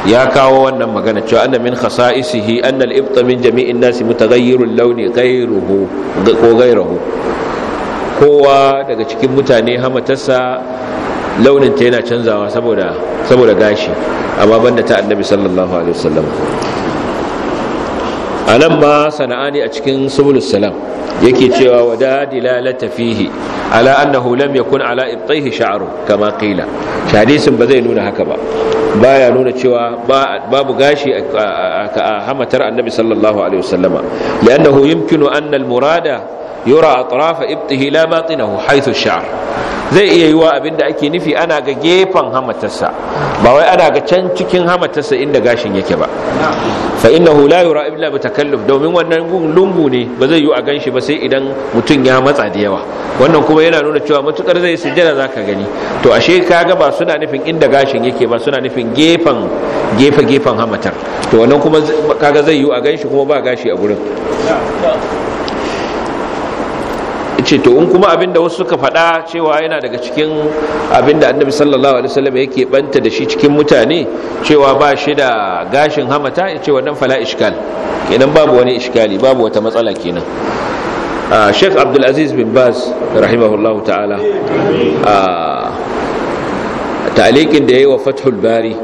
ya kawo wannan magana cewa anna min khasa'isihi anna al-ibt min jami'in nasi mutaghayyirul launi ghayruhu ko ghayruhu kowa daga cikin mutane hamatarsa launinta yana canzawa saboda saboda gashi amma banda ta annabi sallallahu alaihi wasallam a nan ma sana'ani a cikin subulus salam yake cewa wada dilalata fihi ala annahu lam yakun ala ibtaihi sha'ru kama qila hadisin ba zai nuna haka ba baya nuna cewa babu gashi a hamatar annabi sallallahu alaihi wasallama li'annahu yumkinu anna al-murada yura atrafa ibtihi la batinahu haythu sha'r zai iya yiwa abinda ake nufi ana ga gefen hamatarsa ba wai ana ga can cikin hamatarsa inda gashin yake ba fa innahu la yura illa bi takalluf domin wannan lungu ne ba zai yi a ganshi ba sai idan mutum ya matsa da yawa wannan kuma yana nuna cewa matukar zai sujjada zaka gani to ashe kaga ba suna nufin inda gashin yake ba suna nufin gefen gefe gefen hamatar to wannan kuma kaga zai yi a ganshi kuma ba gashi a gurin ce to in kuma abinda wasu suka faɗa cewa yana daga cikin abinda annabi sallallahu alaihi wasallam yake banta da shi cikin mutane cewa ba shi da gashin hamata ya ce wannan fala iskal kenan babu wani iskali babu wata matsala kenan ah, Sheikh Abdul Aziz bin Baz rahimahullahu ta'ala a ah, ta'alikin da ya yi wa Fathul Bari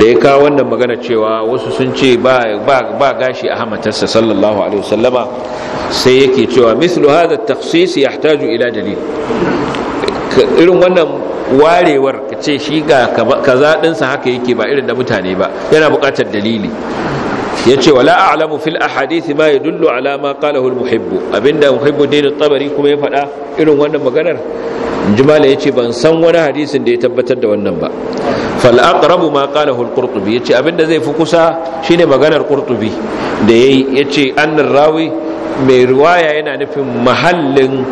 da ya kawo wannan magana cewa wasu sun ce ba gashi a hamatarsa sallallahu alaihi wasallama sai yake cewa mislu hadha at-takhsis yahtaju ila dalil irin wannan warewar ka ce shi ga kaza dinsa haka yake ba irin da mutane ba yana buƙatar dalili Ya ce wala a'lamu fil ahadith ma yadullu ala ma qalahu al muhibbu abinda muhibbu din tabari kuma ya fada irin wannan maganar jumala ce ban san wani hadisin da ya tabbatar da wannan ba fal aqrabu ma qalahu al qurtubi ce abinda zai fi kusa shine maganar qurtubi da yayi ce annar rawi mai riwaya yana nufin mahallin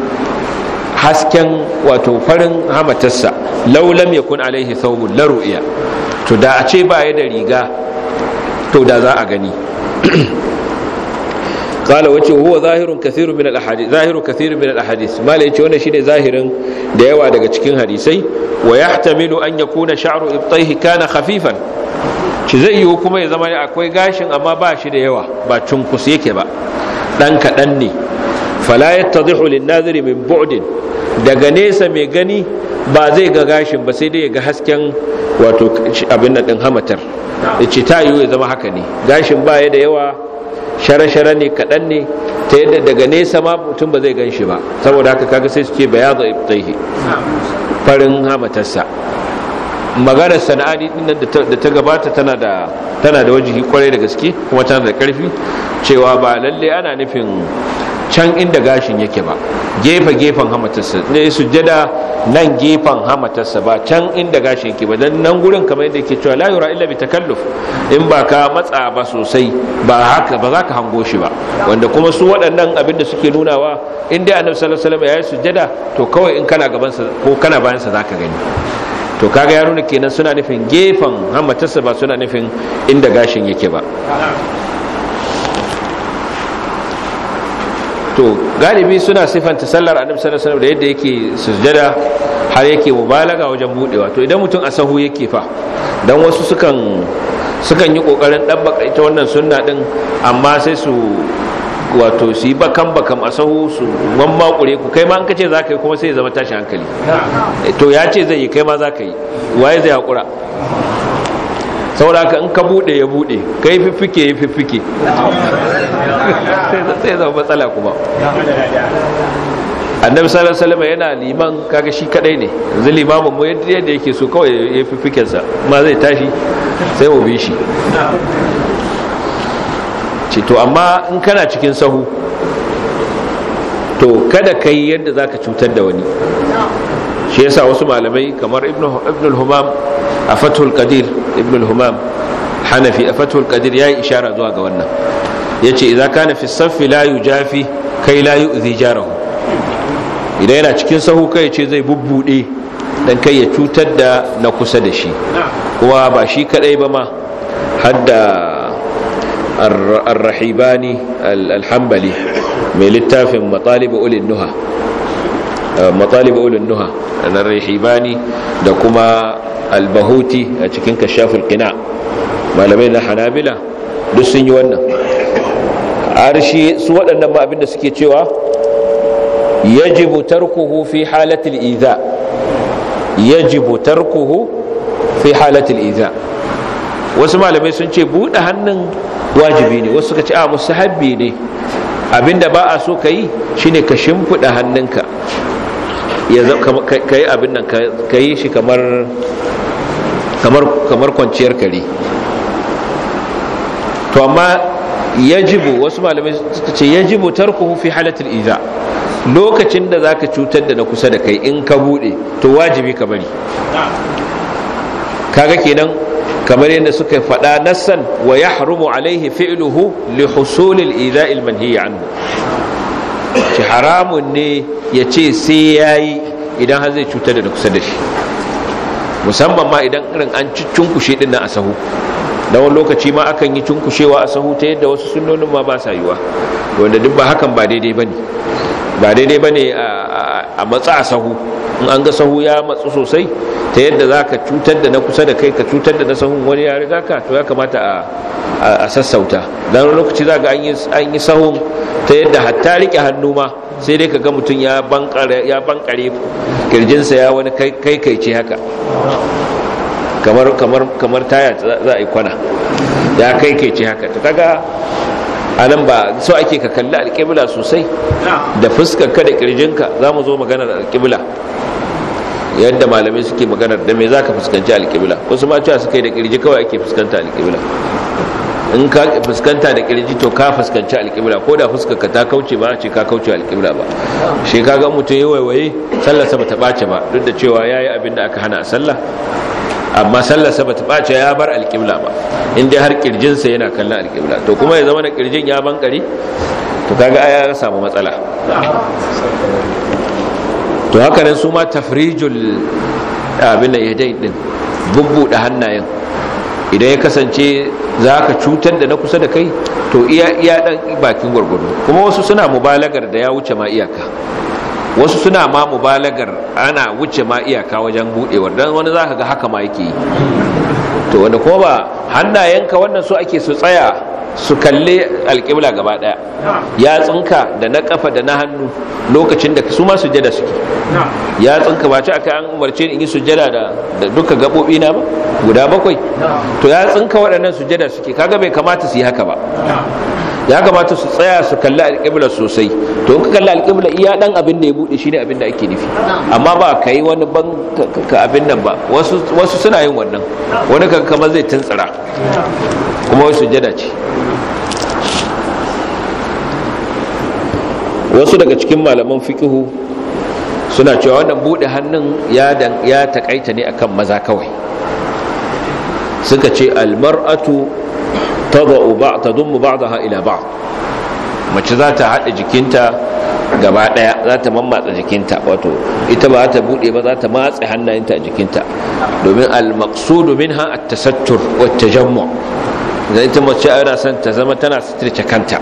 hasken wato farin hamatarsa laulam ya kun alaihi thawbun la ru'ya to da a ce ba ya da riga to da za a gani kala wace huwa zahirun kathiru min al-ahadith zahiru kathiru min al mala yace wannan shine zahirin da yawa daga cikin hadisai wa yahtamilu an yakuna sha'ru ibtayhi kana khafifan shi zai yiwu kuma ya zama akwai gashin amma ba shi da yawa ba cunkus yake ba dan kaɗan ne fala yattadhihu lin-naziri min daga nesa mai gani ba zai ga gashin ba sai dai ya ga hasken wato abin nan din hamatar yace ta yiwu ya zama haka ne gashin ba ya da yawa shara-shara ne kaɗan ne ta yadda daga nesa ma mutum ba zai gan shi ba saboda haka kaga sai su ce bayaza ibtaihi farin hamatarsa maganar sana'a din da ta gabata tana da tana da wajihi kwarai da gaske kuma tana da karfi cewa ba lalle ana nufin can inda gashin yake ba gefe gefen hamatarsa ne su sujjada nan gefen hamatarsa ba can inda gashin yake ba dan nan gurin kamar yadda yake cewa layura illa bi takalluf in ba ka matsa ba sosai ba haka ba za ka hango shi ba wanda kuma su waɗannan abin da suke nunawa in dai annabi sallallahu alaihi wasallam ya yi sujjada to kawai in kana gaban sa ko kana bayan sa zaka gani to kaga yaro ne kenan suna nufin gefen hamatarsa ba suna nufin inda gashin yake ba to galibi suna sifanta sallar annabi sallallahu alaihi da yadda yake sujjada har yake mubalaga wajen budewa to idan mutum a sahu yake fa dan wasu sukan sukan yi kokarin dabbaka ita wannan sunna din amma sai su wato su yi bakan bakan a sahu su makure ku kai ma an kace za ka yi kuma sai ya zama tashi hankali to ya ce zai yi kai ma za ka yi waye zai haƙura saboda haka in ka bude ya bude kai fiffike ya fiffike sai zama matsala kuma annabi sallallahu alaihi wasallam yana liman kaga shi kadai ne yanzu limamin mu yadda yake so kawai ya fifikensa sa ma zai tashi sai mu bi shi ce amma in kana cikin sahu to kada ka yi yadda zaka cutar da wani shi yasa wasu malamai kamar ibnul humam a fathul qadir ibn humam hanafi a fathul qadir yayi ishara zuwa ga wannan yace idza kana fi saffi la yujafi kai la yu'zi jarahu idan yana cikin sahu kai ce zai bubbude dan kai ya cutar da na kusa da shi kuma ba shi kadai ba ma hadda الرحيباني الحنبلي من littafin مطالب أولي النهى matalibu ulun nuha na rahibani da kuma albahuti a cikin kashaful kina. malamai na hanabila duk sun yi wannan arshi su waɗannan ma abinda suke cewa yajibu tarkuhu fi halatil idha yajibu tarkuhu fi halatil idha wasu malamai sun ce buɗe hannun wajibi ne wasu suka ce a musahabbi ne abinda ba a so ka yi shine ka shimfiɗa hannunka ka yi abin nan ka yi shi kamar kwanciyar kare to amma yajibu wasu malamai suka ce yajibu tarkuhu fi halatul iza lokacin da zaka cutar da na kusa da kai in ka bude to wajibi ka bari kaga kenan kamar yadda suka faɗa nassan wa yahrumu alaihi fi'iluhu li husulil iza'il manhiya anhu ci haramun ne ya ce sai ya yi idan har zai cutar da kusa da shi musamman ma idan irin an cunkushe din na a sahu da wani lokaci ma akan yi cunkushewa a sahu ta yadda wasu sunnonin ma ba sa yiwa wanda duk ba hakan ba daidai ba ne ba daidai ba ne a matsa a sahu in an ga sahu ya matsu sosai ta yadda za ka cutar da na kusa da kai ka cutar da na sahun wani ya riga ka to ya kamata a sassauta don lokaci za ga an yi sahun ta yadda hatta riƙe hannu ma sai dai ka ga mutum ya bankare kirjinsa ya wani kaikaice haka kamar taya za a yi kwana ya kaikaice haka ta kaga anan ba so ake ka kalli alƙibla sosai da fuskar ka da ƙirjinka za mu zo maganar alƙibla yadda malamai suke maganar da me za ka fuskanci alƙibla wasu ma cewa suka da ƙirji kawai ake fuskanta alƙibla in ka fuskanta da ƙirji to ka fuskanci alƙibla ko da fuskar ka ta kauce ba ce ka kauce alƙibla ba shi kaga mutum ya waiwaye sallarsa ba ta ɓace ba duk da cewa ya yi abin da aka hana a sallah amma sallarsa ba ta ɓace ya bar alƙibla ba in dai har ƙirjinsa yana kallon alƙibla to kuma ya zama na ƙirjin ya bankari to kaga ya samu matsala to haka nan su ma tafrijul abin da dai din bubbuɗe hannayen idan ya kasance za ka cutar da na kusa da kai to iya iya ɗan bakin gwargwado kuma wasu suna mubalagar da ya wuce ma iyaka wasu suna ma mubalagar ana wuce ma iyaka wajen budewar don wani za ka ga haka ma yake yi to wanda ko ba hannayenka wannan su ake su tsaya su kalle alƙibla gaba daya ya tsinka da na ƙafa da na hannu lokacin da su ma sujada suke ya tsinka ba ci aka an umarce in yi sujada da duka gaɓoɓi na ba guda bakwai to ya tsinka waɗannan sujada suke kaga bai kamata su yi haka ba ya kamata su tsaya su kalli alƙibla sosai to ka kalli alƙibla iya dan abin da ya bude shine abin da ake nufi amma ba yi wani ban ka abin nan ba wasu wasu suna yin wannan wani kan kamar zai tuntsira kuma wasu jada ce wasu daga cikin malaman fikihu suna cewa wannan bude hannun ya ya takaita ne akan maza kawai suka ce almar'atu tadau ba tadummu ba'daha ila ba'd mace za ta haɗa jikinta gaba ɗaya za ta mammatsa jikinta wato ita ba ta buɗe ba za ta matse hannayenta a jikinta domin al-maqsudu minha at-tasattur wata jammu. tajammu da ita mace ana son ta zama tana sitirce kanta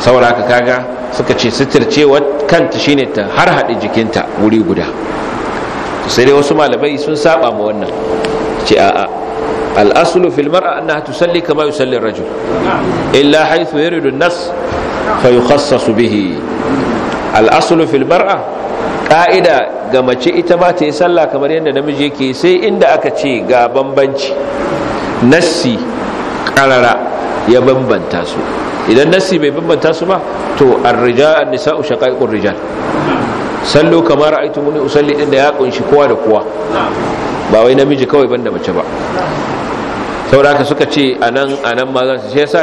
saboda haka kaga suka ce sitirce kanta shine ta har haɗe jikinta wuri guda sai dai wasu malamai sun saba ma wannan ce a'a الأصل في المرأة أنها تسلي كما يسلي الرجل إلا حيث يرد النص فيخصص به الأصل في المرأة ƙa'ida ga mace ita ma ta yi sallah kamar yadda namiji yake sai inda aka ce ga bambanci nassi ƙarara ya bambanta su idan nassi bai bambanta su ba to arrija nisa'u shaqaiqur rijal sallo kamar ra'aytu muni usalli din da ya kunshi kowa da kowa ba wai namiji kawai banda mace ba sauraka suka ce a nan ma zan su shi yasa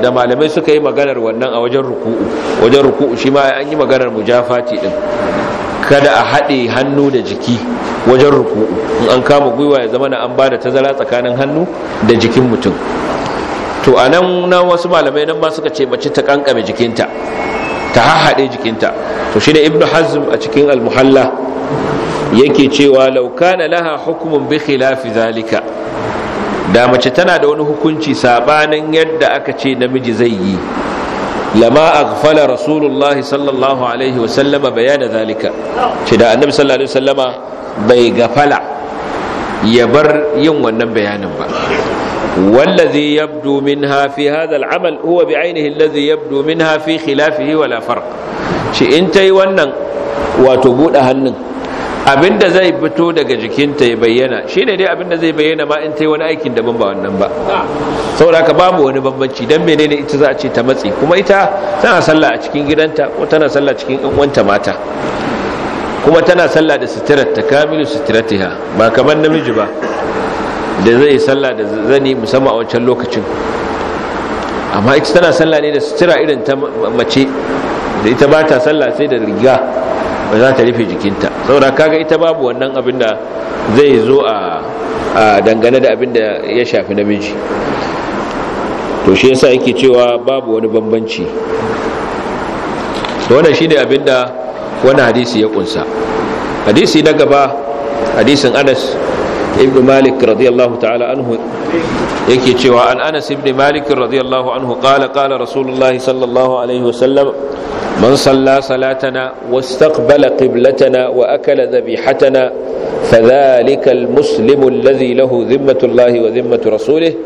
da malamai suka yi maganar wannan a wajen ruku'u wajen ruku'u shi ma an yi maganar mujafati din kada a haɗe hannu da jiki wajen ruku'u in an kama gwiwa ya zama na an bada tazara tsakanin hannu da jikin mutum to a nan na wasu malamai nan ma suka ce mace ta kankame jikinta ta haɗe jikinta to shi da ibnu hazm a cikin almuhalla yake cewa laukana laha hukumun bi khilafi zalika da mace tana da wani hukunci sabanin yadda aka ce namiji zai yi lama aghfala rasulullahi sallallahu alaihi wasallama bayana zalika ce da annabi sallallahu alaihi wasallama bai gafala ya bar yin wannan bayanin ba والذي يبدو منها في هذا العمل هو بعينه الذي يبدو منها في خلافه ولا فرق شي انت wannan wato buɗe hannun Abin da zai fito daga jikinta ya bayyana shi shine dai da zai bayyana ma in ta yi wani aikin daban ba wannan ba saboda ka babu wani bambanci dan menene ita za a ce ta matsi kuma ita tana sallah a cikin gidanta ko tana sallah cikin uwanta mata kuma tana sallah da ta kamilu sitiratiha ba kamar namiji ba da zai sallah da zani musamman a wancan lokacin amma ita tana sallah ne da sutura irin ta mace da ita ba ta sallah sai da riga ba za ta rufe jikinta saboda kaga ita babu wannan abin da zai zo a dangane da abin da ya shafi namiji to shi yasa yake cewa babu wani bambanci wannan shine abin da wani hadisi ya kunsa hadisi na gaba hadisin Anas ibn malik radiyallahu ta'ala anhu yake cewa an anas ibn malik radiyallahu anhu qala qala rasulullah sallallahu alaihi wasallam man salla salatana wastaqbala qiblatana wa akala dhabihatana fadhalika almuslimu alladhi lahu dhimmatu allah wa dhimmatu rasulih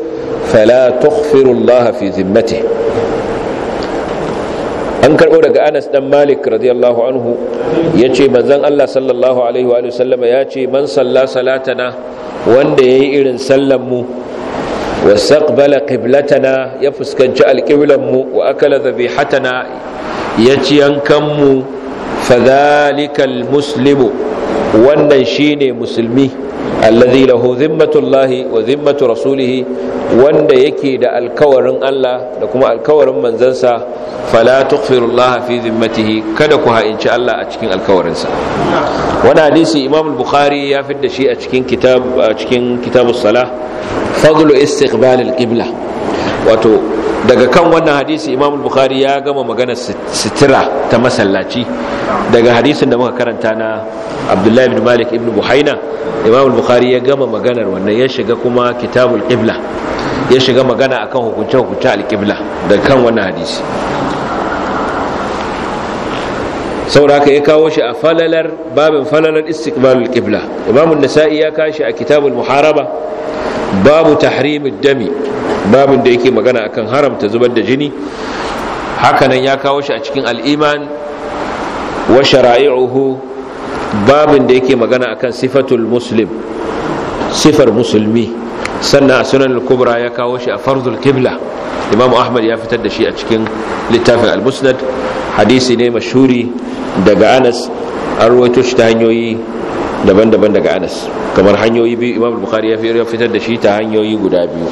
fala tukhfiru allah fi dhimmatihi an karɓo daga anas ɗan malik radiyallahu anhu ya ce manzan allah sallallahu alaihi wa sallama ya ce man salla salatana wanda ya yi irin sallanmu wasaqbala qiblatana ya fuskanci alƙiblanmu wa akala zabihatana ya ci yankanmu fadhalikal muslimu wannan shine musulmi allazi lahu zimmatullahi wa zimmatu rasulih wanda yake da alkawarin Allah da kuma alkawarin manzansa fala tughfirullaha fi zimmatihi kada ku ha'inci Allah a cikin sa. wannan hadisi Imam al-Bukhari ya fidda shi a cikin kitab a cikin kitabus salah fadlu istiqbal al-qibla wato daga kan wannan hadisi imam bukhari ya gama magana sitira ta masallaci daga hadisin da muka karanta na abdullahi ibn malik ibn buhaina imam bukhari ya gama maganar wannan ya shiga kuma kitabul qibla ya shiga magana akan hukunce hukunce alqibla daga kan wannan hadisi saboda haka ya kawo shi a falalar babin falalar istiqbalul qibla imam an-nasa'i ya kashi a kitabul muharaba babu tahrimid dami babin da yake magana akan haramta zubar da jini hakanan ya kawo shi a cikin al'iman wa shara'i'uhu babin da yake magana akan sifatul muslim sifar musulmi sannan a sunan al-kubra ya kawo shi a farzul kibla Imam ahmad ya fitar da shi a cikin littafin al-musnad hadisi ne mashhuri daga anas an shi ta hanyoyi daban-daban daga anas kamar hanyoyi biyu imam bukhari ya fitar da shi ta hanyoyi guda biyu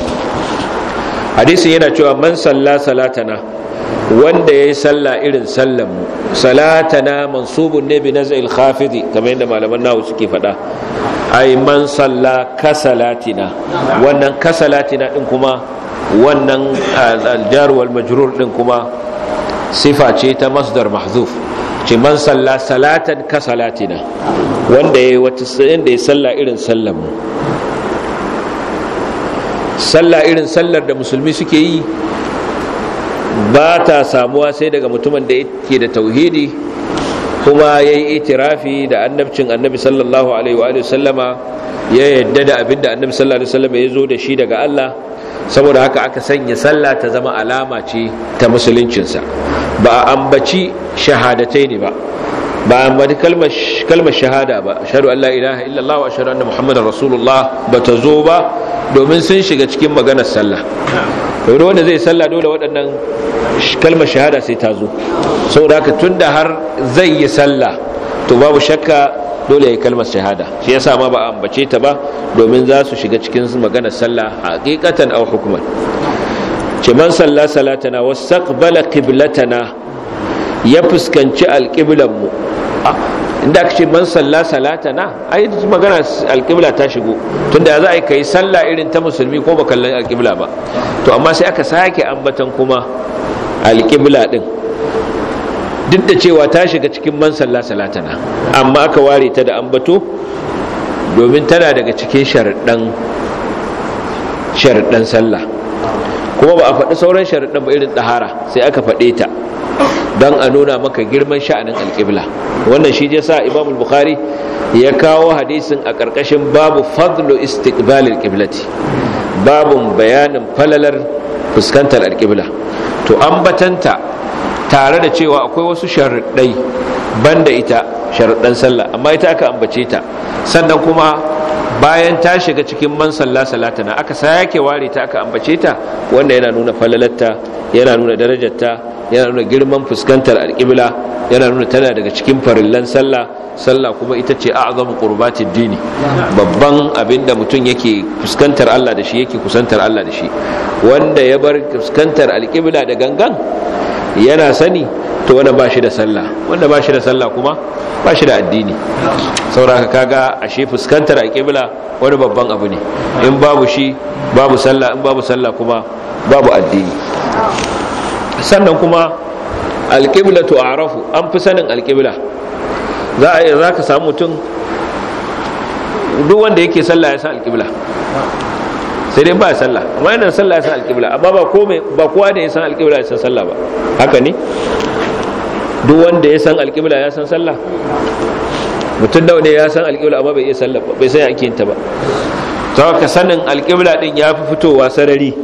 hadisin yana cewa man salla salatana wanda yayi sallah irin sallan mu salatana mansubun ne bi naz'il khafidi kamar yadda malaman nawo suke faɗa ai man salla kasalatina wannan salatina din kuma wannan aljar majrur din kuma sifa ce ta masdar mahzuf ce man salla salatan salatina. wanda yi wata da ya salla irin sallan mu sallah irin sallar da musulmi suke yi ba ta samuwa sai daga mutumin da yake da tauhidi kuma ya yi itirafi da annabcin annabi sallallahu alaihi wa sallama ya yadda da abinda da annabi sallallahu alaihi ya zo da shi daga Allah saboda haka aka sanya sallah ta zama alama ce ta musuluncinsa ba a ambaci shahadatai ne ba ba ambaci kalmar shahada ba ashhadu an la ilaha illallah wa ashhadu anna muhammadar rasulullah ba ta zo ba domin sun shiga cikin maganar sallah wanda zai sallah dole waɗannan kalmar shahada sai ta zo saboda haka da har zai yi sallah to babu shakka dole ya yi kalmar shahada shi yasa ma ba a ambace ta ba domin za su shiga cikin maganar sallah haqiqatan aw hukman ce man salla salatana wastaqbala qiblatana ya fuskanci alƙiblanmu inda aka ce man salla salata na ai magana alƙibla ta shigo tunda za a yi ka yi salla irin ta musulmi ko ba kallon alƙibla ba to amma sai aka sake ambatan kuma alƙibla din duk da cewa ta shiga cikin man salla salata na amma aka ware ta da ambato domin tana daga cikin sharaɗan sharaɗan sallah kuma ba a faɗi sauran sharaɗan ba irin ɗahara sai aka faɗe ta don a nuna maka girman sha'anin alƙibla wannan shi sa imamul bukhari ya kawo hadisin a ƙarƙashin babu fadlu istiqbalil qiblati Babu bayanin falalar fuskantar alƙibla to an batanta tare da cewa akwai wasu sharuɗai banda ita sharuɗan sallah amma ita aka ambace ta sannan kuma bayan ta shiga cikin man sallah salatana aka sake ware ta aka ambace ta wanda yana nuna falalarta yana nuna darajarta yana nuna girman fuskantar alƙibla yana nuna tana daga cikin farillan sallah sallah kuma ita ce a'zamu qurbatid dini babban abin da mutum yake fuskantar Allah da shi yake kusantar Allah da shi wanda ya bar fuskantar alƙibla da gangan yana sani to wanda ba shi da sallah wanda ba shi da sallah kuma ba shi da addini sauraka kaga ashe fuskantar alƙibla wani babban abu ne in babu shi babu sallah in babu sallah kuma babu addini sannan kuma alƙibla to arafu an fi sanin alƙibla za a yi za ka samu mutum duk wanda yake sallah ya san alƙibla sai dai ba ya sallah amma yana sallah ya san alƙibla amma ba kome ba kowa da ya san alƙibla ya san sallah ba haka ne duk wanda ya san alƙibla ya san sallah mutum da ne ya san alƙibla amma bai iya sallah ba bai san ake yin ta ba saboda sanin alƙibla din ya fi fitowa sarari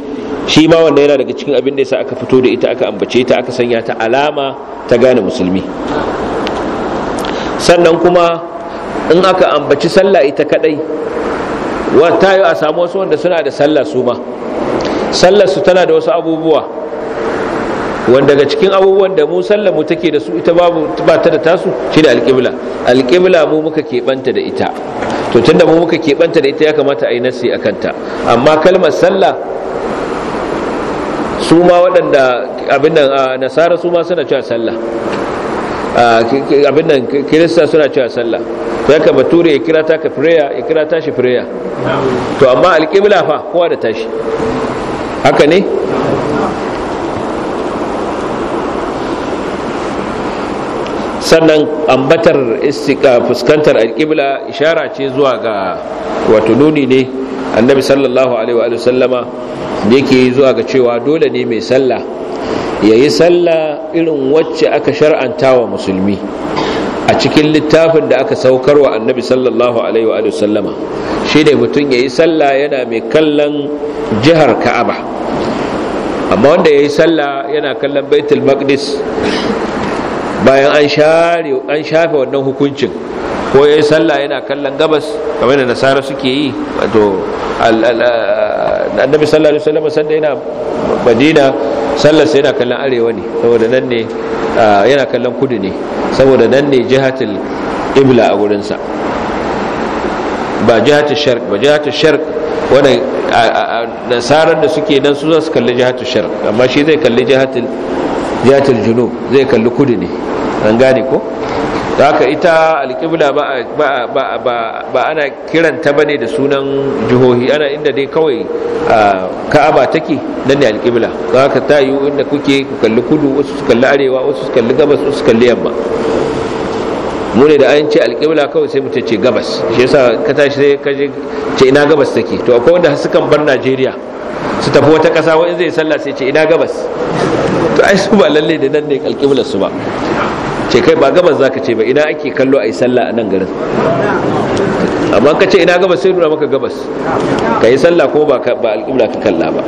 shi ma wanda yana daga cikin abin da yasa aka fito da ita aka ambace ta aka sanya ta alama ta gane musulmi sannan kuma in aka ambaci sallah ita kadai wata yi a samu wasu wanda suna da sallah su ma sallar su tana da wasu abubuwa wanda daga cikin abubuwan da mu sallar mu take da su ita babu ba ta da tasu shi da alƙibla alƙibla mu muka keɓanta da ita to tunda mu muka keɓanta da ita ya kamata a yi nasi a kanta amma kalmar sallah su ma waɗanda abin nan nasara su ma suna cewa sallah abin nan kirista suna cewa sallah to yaka bature ya kira ka prayer ya kira tashi prayer to amma alƙibla fa kowa da tashi haka ne sannan ambatar istika fuskantar alƙibla ishara ce zuwa ga wato nuni ne annabi sallallahu alaihi wa sallama da yake zuwa ga cewa dole ne mai sallah ya yi sallah irin wacce aka shar'anta wa musulmi a cikin littafin da aka saukar wa annabi sallallahu alaihi wa sallama shi ne mutum ya yi sallah yana mai kallon jihar ka'aba amma wanda ya yi sallah yana kallon baitul maqdis bayan an shafe wannan hukuncin ko ya yi sallah yana kallon gabas kamar da nasara suke yi wato annabi sallallahu da salama sanda yana madina sallar yana kallon arewa ne saboda nan ne yana kallon kudu ne saboda nan ne jihatul ibla a gurinsa ba jihatul shark ba jihatul wadda a nasarar da suke nan su za su kalli jihatul shark amma shi zai kalli jihatul jihatul junub zai kalli kudu ne an gane ko haka ita alƙibla ba ana kiranta ba ne da sunan jihohi ana inda dai kawai ka'aba take nan ne alƙibla za ka ta yi inda kuke ku kalli kudu wasu su kalli arewa wasu su kalli gabas wasu su kalli yamma mu ne da an ce alƙibla kawai sai mutace ce gabas shi yasa ka tashi sai ka ce ina gabas take to akwai wanda kan bar najeriya su tafi wata ƙasa wa'in zai sallah sai ce ina gabas to ai su ba lalle da nan ne alƙiblar su ba ce kai ba gabas zaka ce ba ina ake kallo ayi sallah a nan garin amma ka ce ina gabas sai nuna maka gabas ka yi sallah ko ba alƙibla ka kalla ba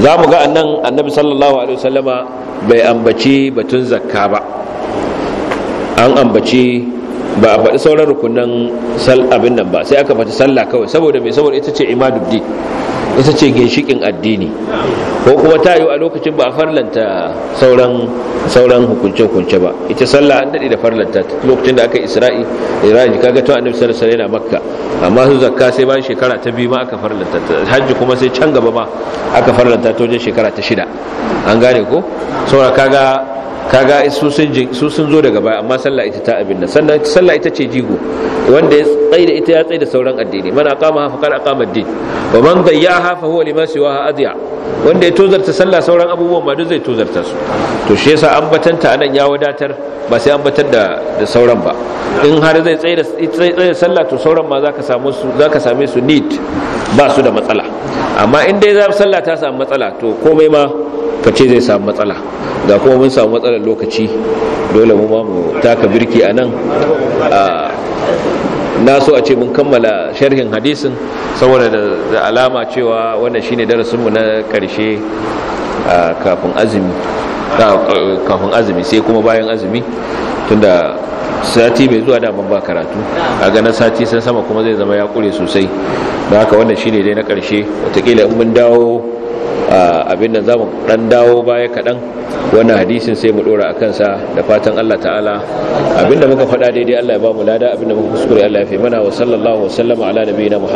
za mu ga annan annabi sallallahu alaihi wasallama bai ambaci batun zakka ba an ambaci ba a faɗi sauran rukunan abin nan ba sai aka faɗi sallah kawai saboda mai saboda ita ce imadubdi, ita ce ginshikin addini ko kuma ta yi a lokacin ba a farlanta sauran sauran hukunce-hukunce ba ita sallah an daɗi da farlanta lokacin da aka yi isra'i isra'i kaga tun annabi sallallahu alaihi na makka amma su zakka sai bayan shekara ta biyu ma aka farlanta hajji kuma sai can gaba ma aka farlanta ta wajen shekara ta shida an gane ko saboda kaga kaga su sun sun zo daga baya amma sallah ita ta abin nan sannan sallah ita ce jigo wanda ya tsaye da ita ya tsaye da sauran addini man aqama fa kan aqama ad-din wa man dayyaha fa huwa lima siwaha adiya wanda ya tozarta sallah sauran abubuwan ba duk zai tozarta su to shi yasa batanta anan ya wadatar ba sai batar da da sauran ba in har zai tsaye da tsaye sallah to sauran ma zaka samu su zaka same su need ba su da matsala amma in dai za sallah ta samu matsala to komai ma face zai samu matsala ga kuma mun samu matsalar lokaci dole mu ma mu taka birki a nan na so a ce mun kammala sharhin hadisin saboda da alama cewa wannan shine darasinmu na ƙarshe kafin azumi kafin azumi sai kuma bayan azumi tunda sati mai zuwa daman ba karatu a ganin sati sun sama kuma zai zama ya kure sosai da haka wannan shine dai na karshe watakila in mun dawo abin nan zamu dan dawo baya kaɗan wannan hadisin sai mu ɗora a kansa da fatan Allah ta'ala abinda muka faɗa daidai Allah ya ba mu lada abinda muka kuskure Allah ya fi mana wa sallallahu wa sallama ala nabiyina